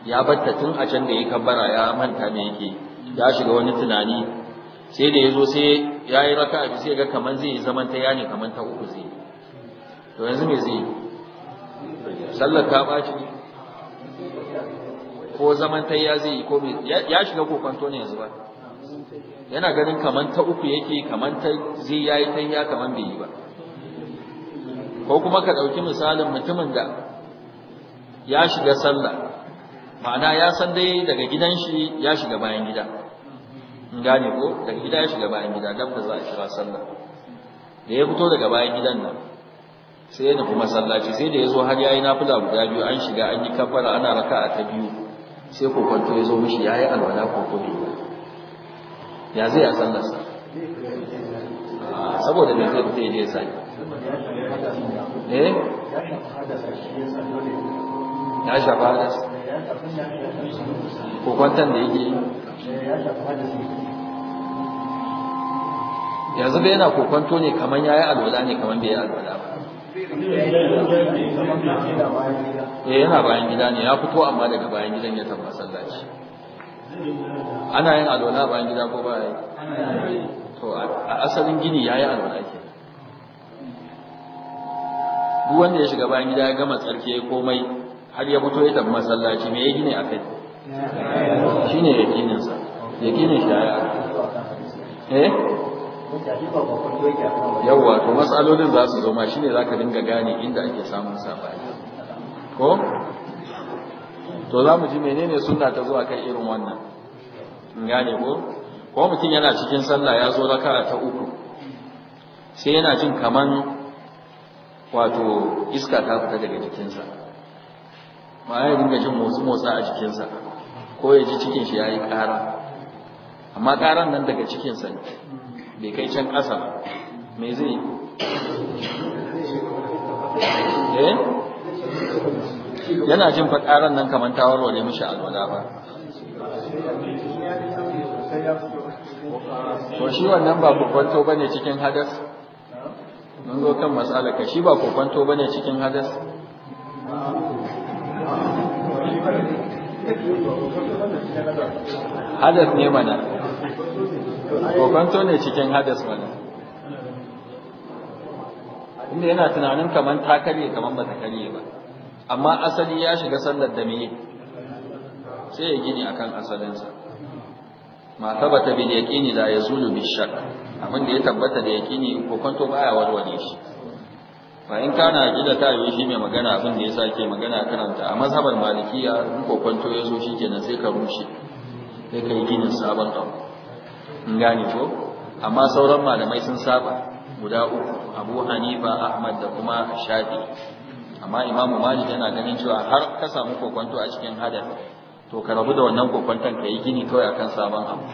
ya batta tun a can da yake kabbara ya manta me yake ya shiga wani tunani sai da yazo sai yayi raka'a bi sai ga kaman zai yi zaman ta yani kaman ta uku zai to yanzu me zai sallar ta baci ko zaman ta ya zai ko ya shiga kokonto ne yanzu ba yana ganin kaman ta uku yake kaman ta zai yayi 'ya kaman bai yi ba ko kuma ka dauki misalin mutumin da ya shiga sallah ma'ana ya san dai daga gidan shi ya shiga bayan gida in gane ko daga gida ya shiga bayan gida dan ba za a shiga sallah da ya fito daga bayan gidan nan sai da kuma sallaci sai da ya zo har yayi nafila guda biyu an shiga an yi kafara ana raka'a ta biyu sai kokonto ya zo mishi yayi alwala ko ko bai ya zai a sallarsa saboda mai zai fita ya sani eh ya shafa hadas ko kwantan da yake yanzu bai yana kokonto ne kamar ya yi alwala ne kamar bai yi alwala ba eh yana bayan gida ne ya fito amma daga bayan gidan ya tabbasar da shi ana yin alwala bayan gida ko ba yi to a asalin gini ya yi alwala ke duk wanda ya shiga bayan gida ya gama tsarki ya komai har ya fito ya tafi masallaci me ya gine a kai shi ne yakininsa yakinin shi ya yi alwala eh yawwa to matsalolin za su zo ma shi ne za ka dinga gane inda ake samun sabani ko to za mu ji menene sunna ta zuwa kan irin wannan in gane ko ko mutum yana cikin sallah ya zo raka ta uku sai yana jin kaman wato iska ta fita daga jikinsa ma ya dinga jin motsi motsa a jikinsa ko ya ji cikin shi yayi ƙara amma ƙaran nan daga cikinsa ne bai kai can ƙasa ba me zai yi eh yana jin fakaran nan kamar ta warware mishi alwala ba to shi wannan ba kokwanto bane cikin hadas mun zo kan mas'ala ka shi ba kokwanto bane cikin hadas hadas ne mana kokwanto ne cikin hadas mana inda yana tunanin kamar ta karye kamar ba ta karye ba amma asali ya shiga sallar da meye sai ya gini akan asalinsa ma tabata bil yaqini la yazulu bil shakk abin da ya tabbata da yaqini ko kanto baya warware shi fa in kana gida ta yi shi mai magana abin da ya ke magana karanta a mazhabar malikiya in ko kwanto ya zo shikenan sai ka rushe sai ka yi ginin sabon abu in gane ko amma sauran malamai sun saba guda uku Abu Hanifa Ahmad da kuma Shafi'i amma imamu malik yana ganin cewa har ka samu kokwanto a cikin hadar to ka rabu da wannan kokwanton ka yi gini kawai akan sabon abu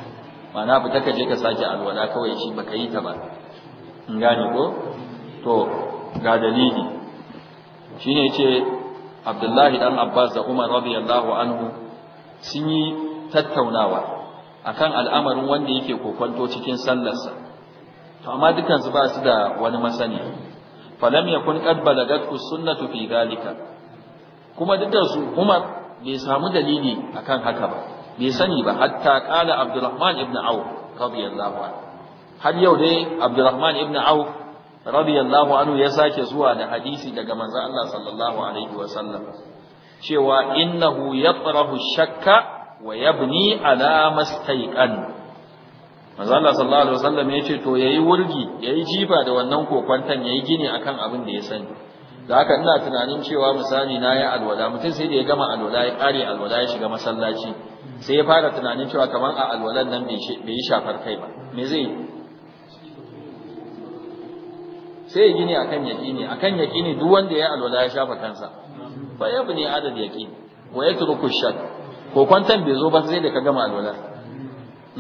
ma'ana fita ka je ka sake alwala kawai shi baka yi ta ba in gane ko to ga dalili shine yace Abdullahi dan Abbas da Umar radiyallahu anhu sun yi tattaunawa akan al'amarin wanda yake kokwanto cikin sallarsa to amma dukansu ba su da wani masani falam yakun qad balagatku sunnatu fi dalika kuma duk da su Umar bai samu dalili akan haka ba bai sani ba hatta qala Abdurrahman ibn Auf radiyallahu anhu har yau dai Abdurrahman ibn Auf radiyallahu anhu ya sake zuwa da hadisi daga manzo Allah sallallahu alaihi wa sallam cewa innahu yatrahu shakka wa yabni ala mastaiqan manzo Allah sallallahu alaihi wasallam ya ce to yayi wurgi yayi jifa da wannan kokwantan yayi gini akan abin da ya sani da haka ina tunanin cewa misali na yi alwala mutum sai da ya gama alwala ya kare alwala ya shiga masallaci sai ya fara tunanin cewa kamar a alwalan nan bai yi shafar kai ba me zai sai ya gini akan yaqini akan yaqini duk wanda ya alwala ya shafa kansa fa yabni adad yaqini wa yatruku shak ko kwantan bai zo ba sai da ka gama alwala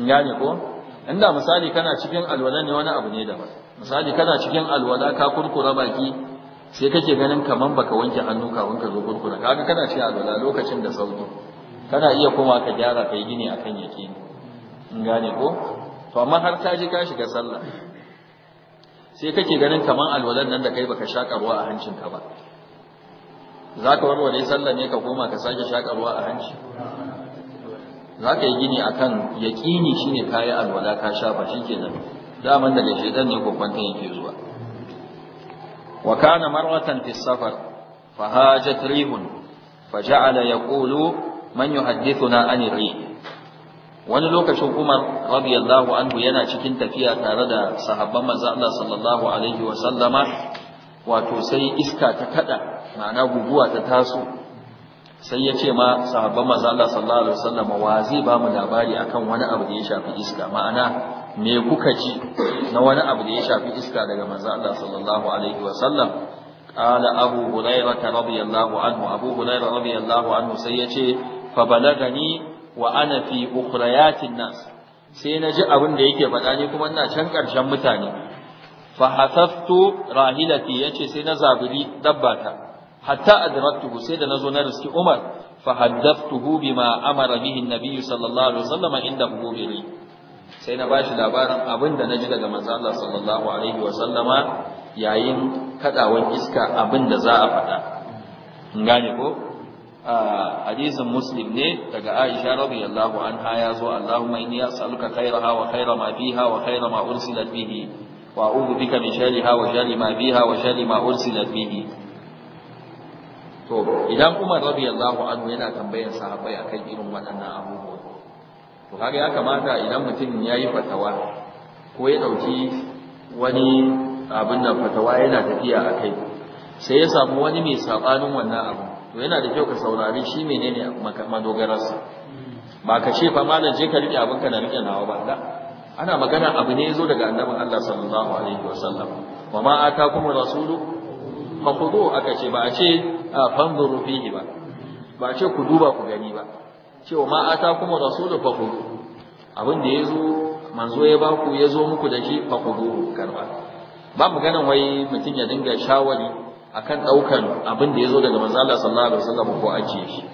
in gane ko inda misali kana cikin alwala ne wani abu ne daban misali kana cikin alwala ka kurkura baki sai kake ganin kaman baka wanke hannu kafin ka zo kurkura kaga kana cikin alwala lokacin da sauki kana iya kuma ka gyara kai gini akan yake in gane ko to amma har ta ji ka shiga sallah sai kake ganin kaman alwalan nan da kai baka shaka ruwa a hancin ka ba za ka warware sallah ne ka koma ka sake shaka ruwa a hanci za ka yi gini a kan yaƙini shi ne kayi alwala ka shafa shi ke nan daman daga shaidan ne kokwantan yake zuwa wa kana marwatan fi safar fa hajat rihun fa ja'ala yaqulu man yuhaddithuna an rih wani lokacin Umar radiyallahu anhu yana cikin tafiya tare da sahabban manzo Allah sallallahu alaihi wa sallama wato sai iska ta kada ma'ana guguwa ta taso sai ya ce ma sahabban manzo Allah sallallahu alaihi wasallam wa zai ba mu labari akan wani abu da ya shafi iska ma'ana me kuka ji na wani abu da ya shafi iska daga manzo Allah sallallahu alaihi wasallam qala abu hurayra radiyallahu anhu abu hurayra radiyallahu anhu sai ya ce fa balagani wa ana fi ukhrayatin nas sai na ji abin da yake faɗa ne kuma ina can ƙarshen mutane fa hasaftu rahilati yace sai na zaburi dabbata ta hatta adraktuhu sai da nazo na riski Umar fa haddathtuhu bima amara bihi an-nabi sallallahu alaihi wasallam inda buhuri sai na bashi labarin abin da naji daga manzo Allah sallallahu alaihi wasallama yayin kadawan iska abin da za a faɗa in gane ko hadisin muslim ne daga aisha radiyallahu anha ya zo allahumma inni as'aluka khayraha wa khayra ma fiha wa khayra ma ursilat bihi wa a'udhu bika min sharriha wa sharri ma fiha wa sharri ma ursilat bihi to idan Umar radiyallahu anhu yana tambayan sahabbai akan irin waɗannan abubuwa to kaga ya kamata idan mutum ya yi fatawa ko ya ɗauki wani abin nan fatawa yana tafiya a kai sai ya samu wani mai saɓanin wannan abu to yana da kyau ka saurari shi menene madogararsa ba ka ce fama malam je ka riƙe ka na riƙe nawa ba da ana magana abu ne zo daga annabin Allah sallallahu alaihi wasallam wa ma atakumur rasulu fa khudu aka ba a ce a fanzuru fihi ba ba ce ku duba ku gani ba cewa ma ata kuma rasulu fa ku abin da yazo manzo ya ba ku yazo muku da shi fa ku karba ba maganan wai mutun ya dinga shawari akan daukan abin da yazo daga manzo Allah sallallahu alaihi wasallam ko ajiye shi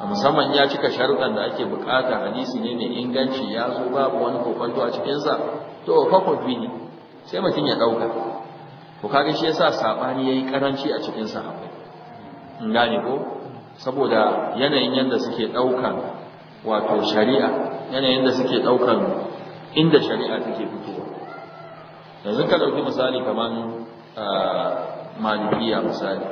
A musamman ya cika sharuɗan da ake bukata hadisi ne mai inganci ya zo babu wani kokonto a cikinsa to fakon fini sai mutum ya ɗauka ko kaga shi yasa saɓani yayi karanci a cikin sahabbai in gane ko saboda yanayin yadda suke ɗaukan wato shari'a yanayin da suke ɗaukan inda shari'a take fitowa yanzu ka dauki misali kamar malikiya misali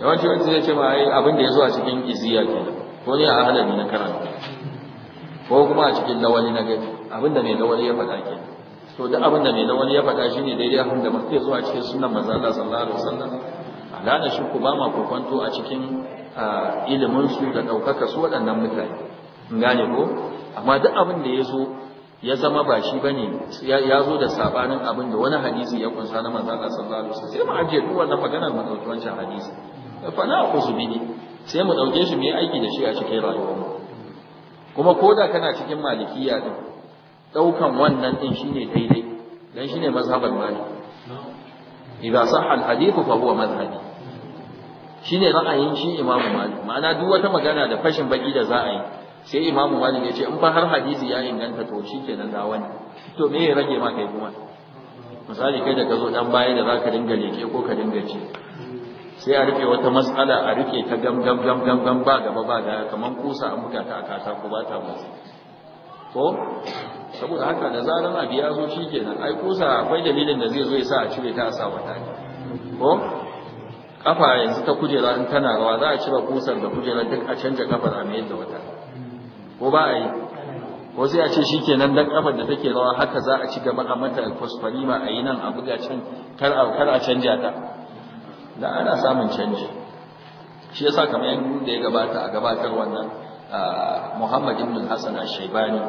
yawanci wani zai ce ma ai abin da ya zo a cikin iziya ke ko ne a halami na karanta ko kuma a cikin lawali na gani, abin da mai lawali ya faɗa ke to duk abin da mai lawali ya faɗa shine daidai abin da muke zuwa cikin sunan manzo Allah sallallahu alaihi wasallam lana shi ku ba ma a cikin ilimin su da ɗaukaka su waɗannan mutane gane ko amma duk abin da ya zo ya zama ba shi bane ya zo da sabanin abin da wani hadisi ya kunsa na manzon Allah sallallahu alaihi wasallam sai mu ajiye duk wannan maganar mu dauki wancan hadisi fa na kuzu sai mu dauke shi mu yi aiki da shi a cikin rayuwarmu kuma koda kana cikin malikiya din daukan wannan din shine daidai dan shine mazhabar malik idan sahha al-hadith fa huwa madhhabi Shi ne ra'ayin shi imamu malik ma'ana duk wata magana da fashin baki da za a yi sai imamu malik ya ce in fa har hadisi ya inganta to shi ke nan wani to me ya rage ma kai kuma misali kai da ka zo dan baya da zaka dinga leke ko ka dinga ci sai a rufe wata matsala a rufe ta gam gam gam gam gam ba gaba ba da kaman kusa an buga ta a kasa ko ba ta motsi ko saboda haka da zaran abu ya zo nan, ai kusa akwai dalilin da zai zo ya sa a cire ta a sa wata ko kafa yanzu ta kujera in tana rawa za a cire kusar da kujera duk a canja kafar a mayar da wata ko ba a yi ko sai a ce nan dan kafar da take rawa haka za a ci gaba a mata kwasfarima a yi nan a buga can kar a canja ta da ana samun canji shi yasa kamar yan da ya gabata a gabatar wannan Muhammad ibn Hassan al-Shaybani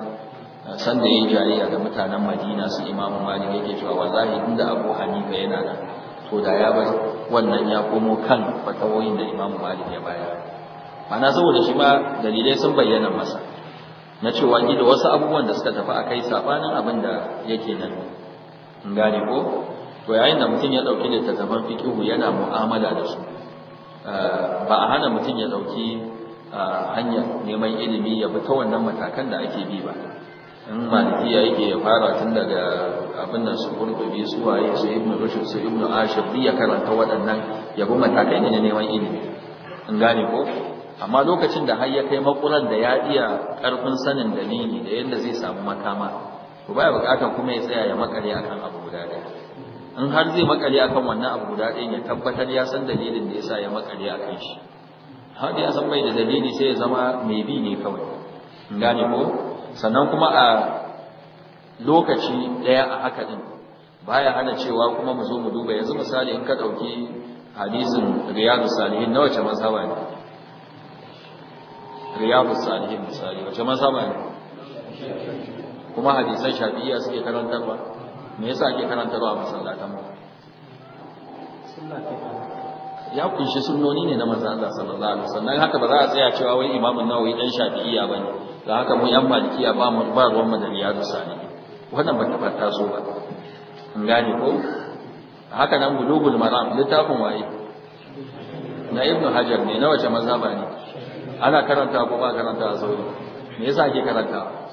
sanda yi jariya ga mutanen Madina su Imam Malik yake cewa wallahi inda Abu Hanifa yana nan to da ya bar wannan ya komo kan fatawoyin da Imam Malik ya baya? mana saboda shi ma dalilai sun bayyana masa na cewa da wasu abubuwan da suka tafi akai sabanin abin da yake nan in gane ko to yayin da mutum ya dauki littattafan fiqhu yana mu'amala da su eh, ba a hana mutum ya dauki eh, hanyar neman ilimi ya bi ta wannan matakan da ake bi ba in malikiya yake ya fara tun daga abin da su kurkubi su waye su ibnu rushd su ibnu ashir bi ya karanta waɗannan ya bi matakai ne neman ilimi in gane ko amma lokacin da har ya kai makulan da ya iya ƙarfin sanin dalili da yadda zai samu makama to baya buƙatar kuma ya tsaya ya makare akan abu guda ɗaya in har zai makare akan wannan abu guda ɗaya ya tabbatar ya san dalilin da yasa ya makare akan shi har ya san bai da dalili sai ya zama mai bi ne kawai in gane ko sannan kuma a lokaci ɗaya a haka ɗin baya hana cewa kuma mu zo mu duba yanzu misali in ka ɗauki hadisin riyadu salihin na wace mazhaba ne riyadu salihin misali wace mazhaba ne kuma hadisan shafi'iyya suke karantarwa me yasa ake karantarwa a masallatan mu ya kunshi sunnoni ne na manzon Allah sallallahu alaihi wasallam haka ba za a tsaya cewa wai imamun nawawi dan shafi'iyya bane da haka mu yan malikiya ba mu ba ruwan madaniya da sani wannan ba ta fata so ba in gane ko haka nan gudugul maram littafin waye na ibnu hajar ne na wace mazhaba ne ana karanta ko ba karanta a zauri me yasa ake karanta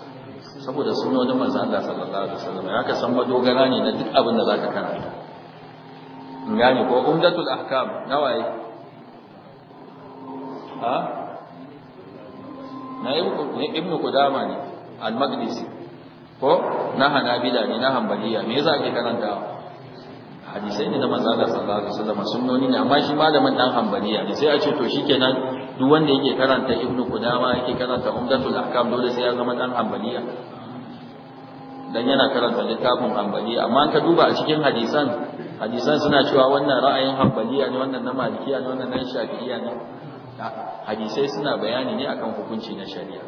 saboda sunnonin manzon Allah sallallahu alaihi wasallam haka san madogara ne na duk abin da zaka karanta gane ko umdatul ahkam nawa ha na ibn qudama ne al-maqdisi ko na hanabila ne na hanbaliya me yasa ake karanta hadisai ne na manzo Allah sallallahu alaihi wasallam sunnoni ne amma shi malamin dan hanbaliya ne sai a ce to shikenan duk wanda yake karanta ibn qudama yake karanta umdatul ahkam dole sai ya zama dan hanbaliya dan yana karanta littafin hanbali amma an ka duba a cikin hadisan hadisan suna cewa wannan ra'ayin hanbaliya ne wannan na malikiya ne wannan na shafi'iya ne hadisai suna bayani ne akan hukunci na shari'a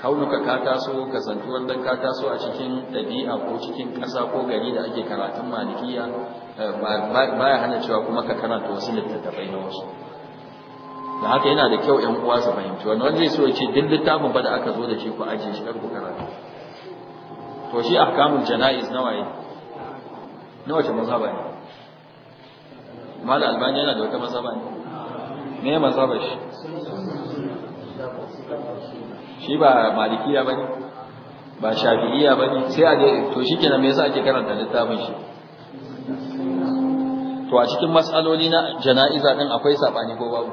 kaunuka ka taso santu dan ka taso a cikin dabi'a ko cikin ƙasa ko gari da ake karatun malikiya eh, Ba ya hana cewa kuma ka karanta wasu littattafai na wasu da haka yana da kyau 'yan uwa su fahimci wani wanda zai so ya ce duk littafin ba da aka zo da shi ku ajiye shi ku karatu? to shi ahkamul jana'iz nawa ne Nawa wace mazhaba ne mal albani yana da wata mazhaba ne me ya mazhaba shi shi ba malikiya bane ba shafi'iya bane sai a je to shikenan me yasa ake karanta littafin shi to a cikin mas'aloli na jana'iza din akwai sabani ko babu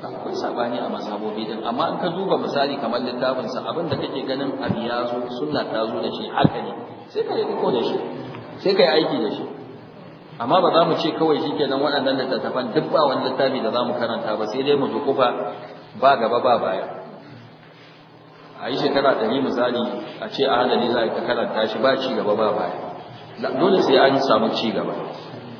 akwai sabani a masabobi din amma in ka duba misali kamar littafin sa da kake ganin abiya zo sunna ta zo da shi haka ne sai ka yi ko da shi sai ka yi aiki da shi amma ba za mu ce kawai shi ke nan waɗannan littattafan duk ba wani littafi da za mu karanta ba sai dai mu dukufa ba gaba ba baya a yi shekara ɗari misali a ce a hadari za ka karanta shi ba ci gaba ba baya dole sai an samu ci gaba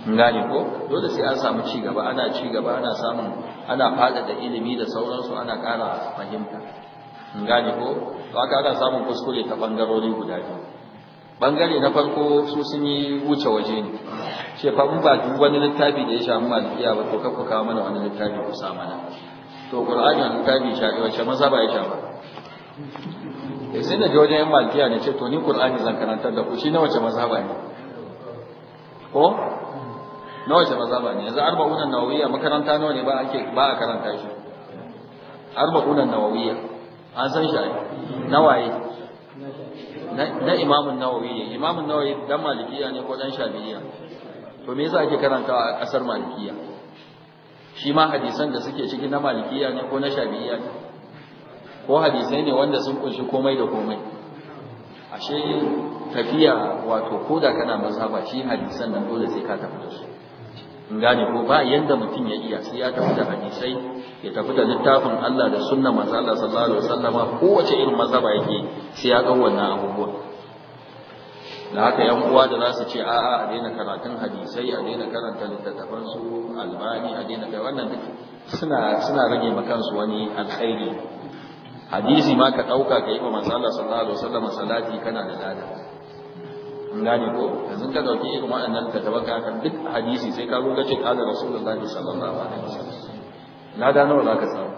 gane ko dole sai an samu ci gaba ana ci gaba ana samun ana faɗaɗa ilimi da sauransu ana ƙara fahimta gane ko ba ka ana samun kuskure ta ɓangarori guda biyu bangare na farko su sun yi wuce waje ne ce fa mun ba duk wani littafi da ya shafi malikiya ba to ka ku kawo mana wani littafi ku sa mana to qur'ani an littafi shafi wace maza ba ya shafa eh sai da je wajen malikiya ne ce to ni qur'ani zan karantar da ku shi na wace maza ba ne ko na wace maza ba ne yanzu arba'unan nawawiya makaranta nawa ne ba ake ba a karanta shi arba'unan nawawiya an san shi nawaye na imamun nawawi ne imamun nawawi dan malikiya ne ko dan shafi'iya to me yasa ake karanta a kasar malikiya shi ma hadisan da suke ciki na malikiya ne ko na shafi'iya ne ko hadisai ne wanda sun kunshi komai da komai ashe tafiya wato ko da kana mazhaba shi hadisan nan dole sai ka tafi da su in gane ko ba yanda mutum ya iya sai ya tafi da hadisai ya tafi da littafin Allah da sunna manzo Allah sallallahu alaihi wasallama kowace irin mazhaba yake sai ya ga wannan abubuwa da haka yan uwa da zasu ce a a daina karatun hadisai a daina karanta littattafan su albani a daina kai wannan duk suna suna rage ma kansu wani alkhairi hadisi ma ka dauka ka yi wa manzo Allah sallallahu alaihi wasallama salati kana da lada in gane ko yanzu ka dauki irin waɗannan ka tabaka kan duk hadisi sai ka zo ka ce kana rasulullahi sallallahu alaihi wasallam lada nawa za ka samu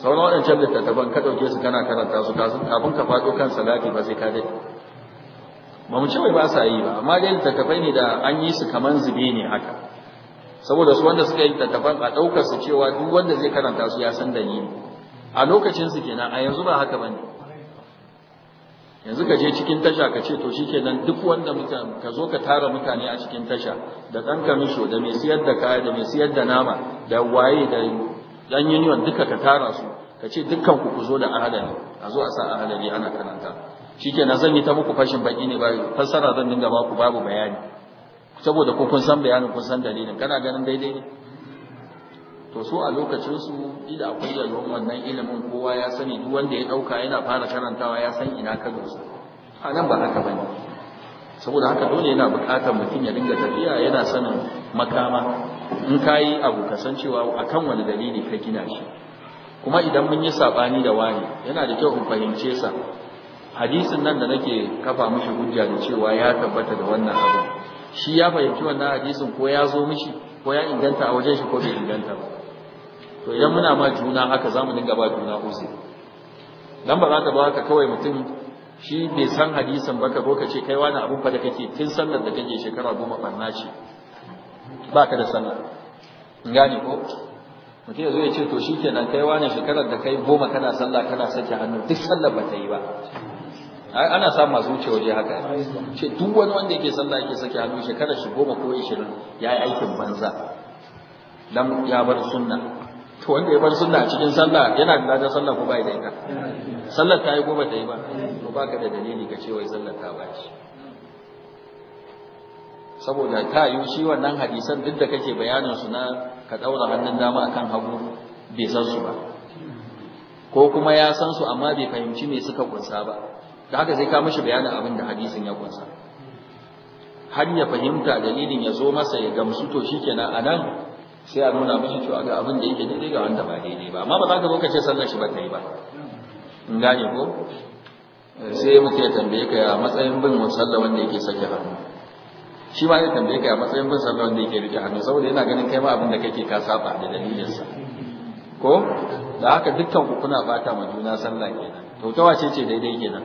sauran waɗancan littattafan ka ɗauke su kana karanta su kafin ka faɗo kan salafi ba sai ka dai ba mu ce wai ba sa yi ba amma dai littattafai ne da an yi su kaman zube ne haka saboda su wanda suka yi littattafan a ɗaukar su cewa duk wanda zai karanta su ya san dalili a lokacin su kenan a yanzu ba haka ba ne. yanzu ka je cikin tasha ka ce to shikenan duk wanda mutane ka zo ka tara mutane a cikin tasha da ɗan kamisho da mai siyar da kaya da mai siyar da nama da waye da ɗan union duka ka tara su ka ce dukkan ku ku zo da ahadari a zo a sa ahadari ana karanta shikenan zan yi ta muku fashin baki ne ba fassara zan dinga ba ku babu bayani saboda ko kun san bayanin kun san dalilin kana ganin daidai ne to su a lokacinsu ila akwai yalwan wannan ilimin kowa ya sani duk wanda ya ɗauka yana fara karantawa ya san ina ka a nan ba haka ba ne saboda haka dole yana buƙatar mutum ya dinga tafiya yana sanin makama in ka yi abu ka san cewa a wani dalili ka gina shi kuma idan mun yi saɓani da wani yana da kyau in fahimce sa hadisin nan da nake kafa mishi hujja da cewa ya tabbata da wannan abu shi ya fahimci wannan hadisin ko ya zo mishi ko ya inganta a wajen shi ko bai inganta ba to idan muna ma juna haka za mu dinga ba juna uzuri dan ba za ka ba haka kawai mutum shi bai san hadisin ba ka ka ce kai wani abun fa da kake tun sallar da kake shekara goma barna ce ba ka da sallar in gane ko mutum ya zo ya ce to shi kenan kai wani shekarar da kai goma kana sallah kana sake hannu duk sallar ba ta yi ba ana samun masu wuce waje haka ce duk wani wanda yake sallah yake sake hannu shekarar shi goma ko ishirin ya yi aikin banza dan ya bar sunna to wanda ya bar sunna cikin sallah yana da ladan sallah ko bai da ita sallar ta yi goma bata yi ba to baka da dalili ka ce wai sallar ta baci saboda ta yi shi wannan hadisan duk da kake bayanin su na ka daura hannun dama akan hagu bai san su ba ko kuma ya san su amma bai fahimci me suka kunsa ba da haka sai ka mishi bayanin abin da hadisin ya kunsa har ya fahimta dalilin ya zo masa ya gamsu to shikenan anan sai a nuna mishi cewa ga abin da yake daidai ga wanda ba daidai ba amma ba za ka zo ka ce sallar shi ba ta yi ba in gane ko sai mutum ya tambaye ka a matsayin bin sallar wanda yake sake hannu shi ma ya tambaye ka a matsayin bin sallar wanda yake rike hannu saboda yana ganin kai ma abin da kake ka saba da dalilinsa ko da haka dukkan ku kuna bata ma juna sallah kenan to ta wace ce daidai kenan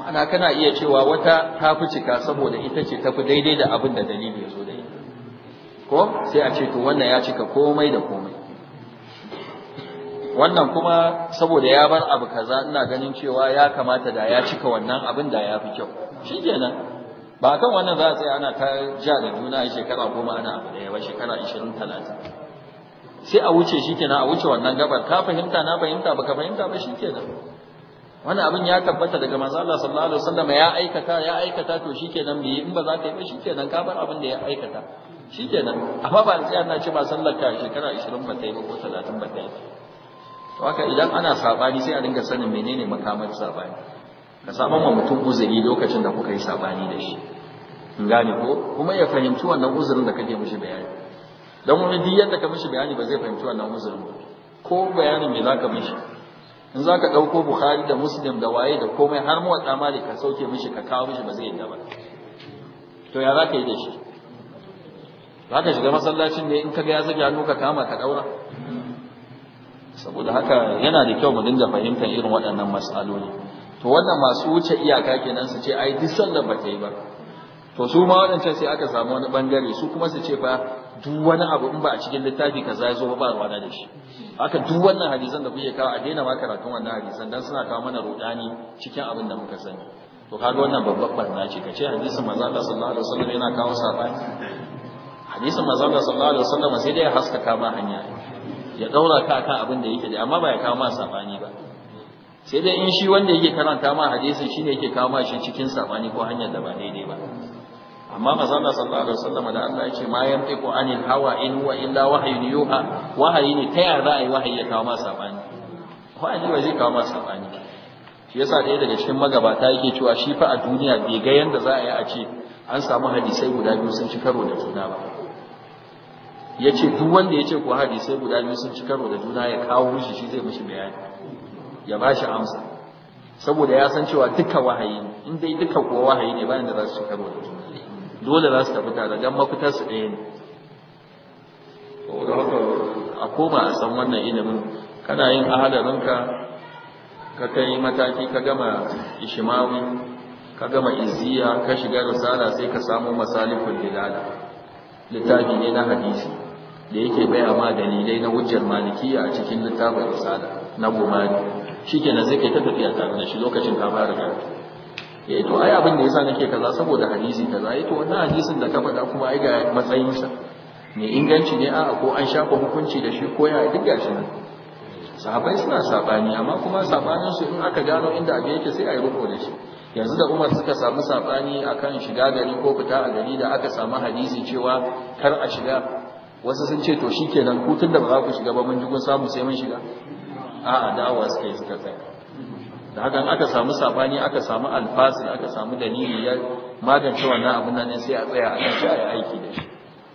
ma'ana kana iya cewa wata ta fi cika saboda ita ce ta fi daidai da abin da dalili ya zo da ita ko sai a ce to wannan ya cika komai da komai wannan kuma saboda ya bar abu kaza ina ganin cewa ya kamata da ya cika wannan abin da ya fi kyau shikenan ba kan wannan za a tsaya ana ta ja da juna a shekara goma ana abu da ba shekara ishirin talatin sai a wuce shikenan a wuce wannan gabar ka fahimta na fahimta baka fahimta ba shikenan wannan abin ya tabbata daga manzo Allah sallallahu alaihi wasallam ya aikata ya aikata to shikenan me in ba za ka yi ba shikenan ka bar abin da ya aikata shikenan amma ba sai ana ce ba sallar ka shekara 20 ba ta yi ba ko 30 ba ta yi to haka idan ana sabani sai a dinga sanin menene makamar sabani ka saban wa mutum uzuri lokacin da kuka yi sabani da shi in gane ko kuma ya fahimci wannan uzurin da kake mishi bayani dan wani duk yadda ka mishi bayani ba zai fahimci wannan uzurin ba ko bayanin me zaka mishi in za ka ɗauko bukhari da muslim da waye da komai har mu waɗa mali ka sauke mishi ka kawo mishi ba zai yadda ba to ya za ka yi da shi Za ka shiga masallacin ne in kaga ya zage hannu ka kama ka ɗaura? saboda haka yana da kyau mu dinga fahimtar irin waɗannan matsaloli to wannan masu wuce iyaka kenan su ce ai duk sallar ba ta yi ba to su ma waɗancan sai aka samu wani bangare su kuma su ce fa duk wani abu in ba a cikin littafi kaza ya zo ba ruwa da shi haka duk wannan hadisan da kuke kawo a daina ma karatun wannan hadisan dan suna kawo mana rudani cikin abin da muka sani to kaga wannan babbar barna ce kace hadisin manzo Allah sallallahu alaihi wasallam yana kawo sabani hadisin manzo Allah sallallahu alaihi wasallam sai dai ya haskaka ma hanya ya daura ka akan abin da yake da amma ba ya kawo ma sabani ba sai dai in shi wanda yake karanta ma hadisin shine yake kawo ma shi cikin sabani ko hanyar da ba daidai ba amma manzala sallallahu alaihi wasallam da Allah yake ma yantiqu anil hawa in huwa illa wahyun yuha wahayi ne ta yarda ai wahayi ya kawo ma sabani wahayi ba zai kawo ma sabani shi yasa ɗaya daga cikin magabata yake cewa shi fa a duniya bai ga yanda za a yi a ce an samu hadisai guda biyu sun ci karo da juna ba ya ce duk wanda ya ce ko hadisai guda biyu sun ci karo da juna ya kawo mishi shi zai mishi bayani ya ba shi amsa saboda ya san cewa duka wahayi ne in dai duka kuwa wahayi ne ba da za su ci karo da juna dole za su tafi tare don mafitar su ɗaya ne a koma a san wannan ilimin kana yin ahadarinka ka kai mataki ka gama ishimawi ka gama iziya ka shiga risala sai ka samu masalifin dilala littafi ne na hadisi da yake baya ma dalilai na hujjar malikiya a cikin littafin risala na gumani shikenan sai kai ta tafiya tare da shi lokacin ka fara karatu yi eh, to ai abin da ya yasa nake kaza saboda hadisi kaza eh to wannan hadisin da ka faɗa kuma ai ga matsayinsa ne inganci ne a'a ko an shafa hukunci da shi ko ya duk gashi nan sahabbai suna sabani amma kuma sabanin su in aka gano inda abin yake sai a yi da shi yanzu da Umar suka samu sabani akan shiga gari ko fita a gari da aka samu hadisi cewa kar a shiga wasu sun ce to shikenan ku da ba za ku shiga ba mun ji kun samu sai mun shiga a'a dawa suka yi suka tsaya da hakan aka samu sabani aka samu alfasi, aka samu dalili ya magance wannan abun nan sai a tsaya a kan shi a aiki da shi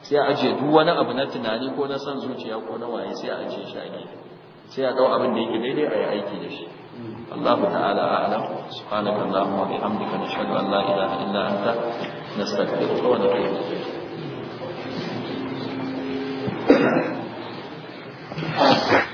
sai a ajiye duk wani abu na tunani ko na son zuciya ko na waye sai a ajiye shi a gefe sai a dau abin da yake daidai a yi aiki da shi الله تعالى أعلم سبحانك اللهم وبحمدك نشهد أن لا إله إلا أنت نستغفرك ونتوب إليك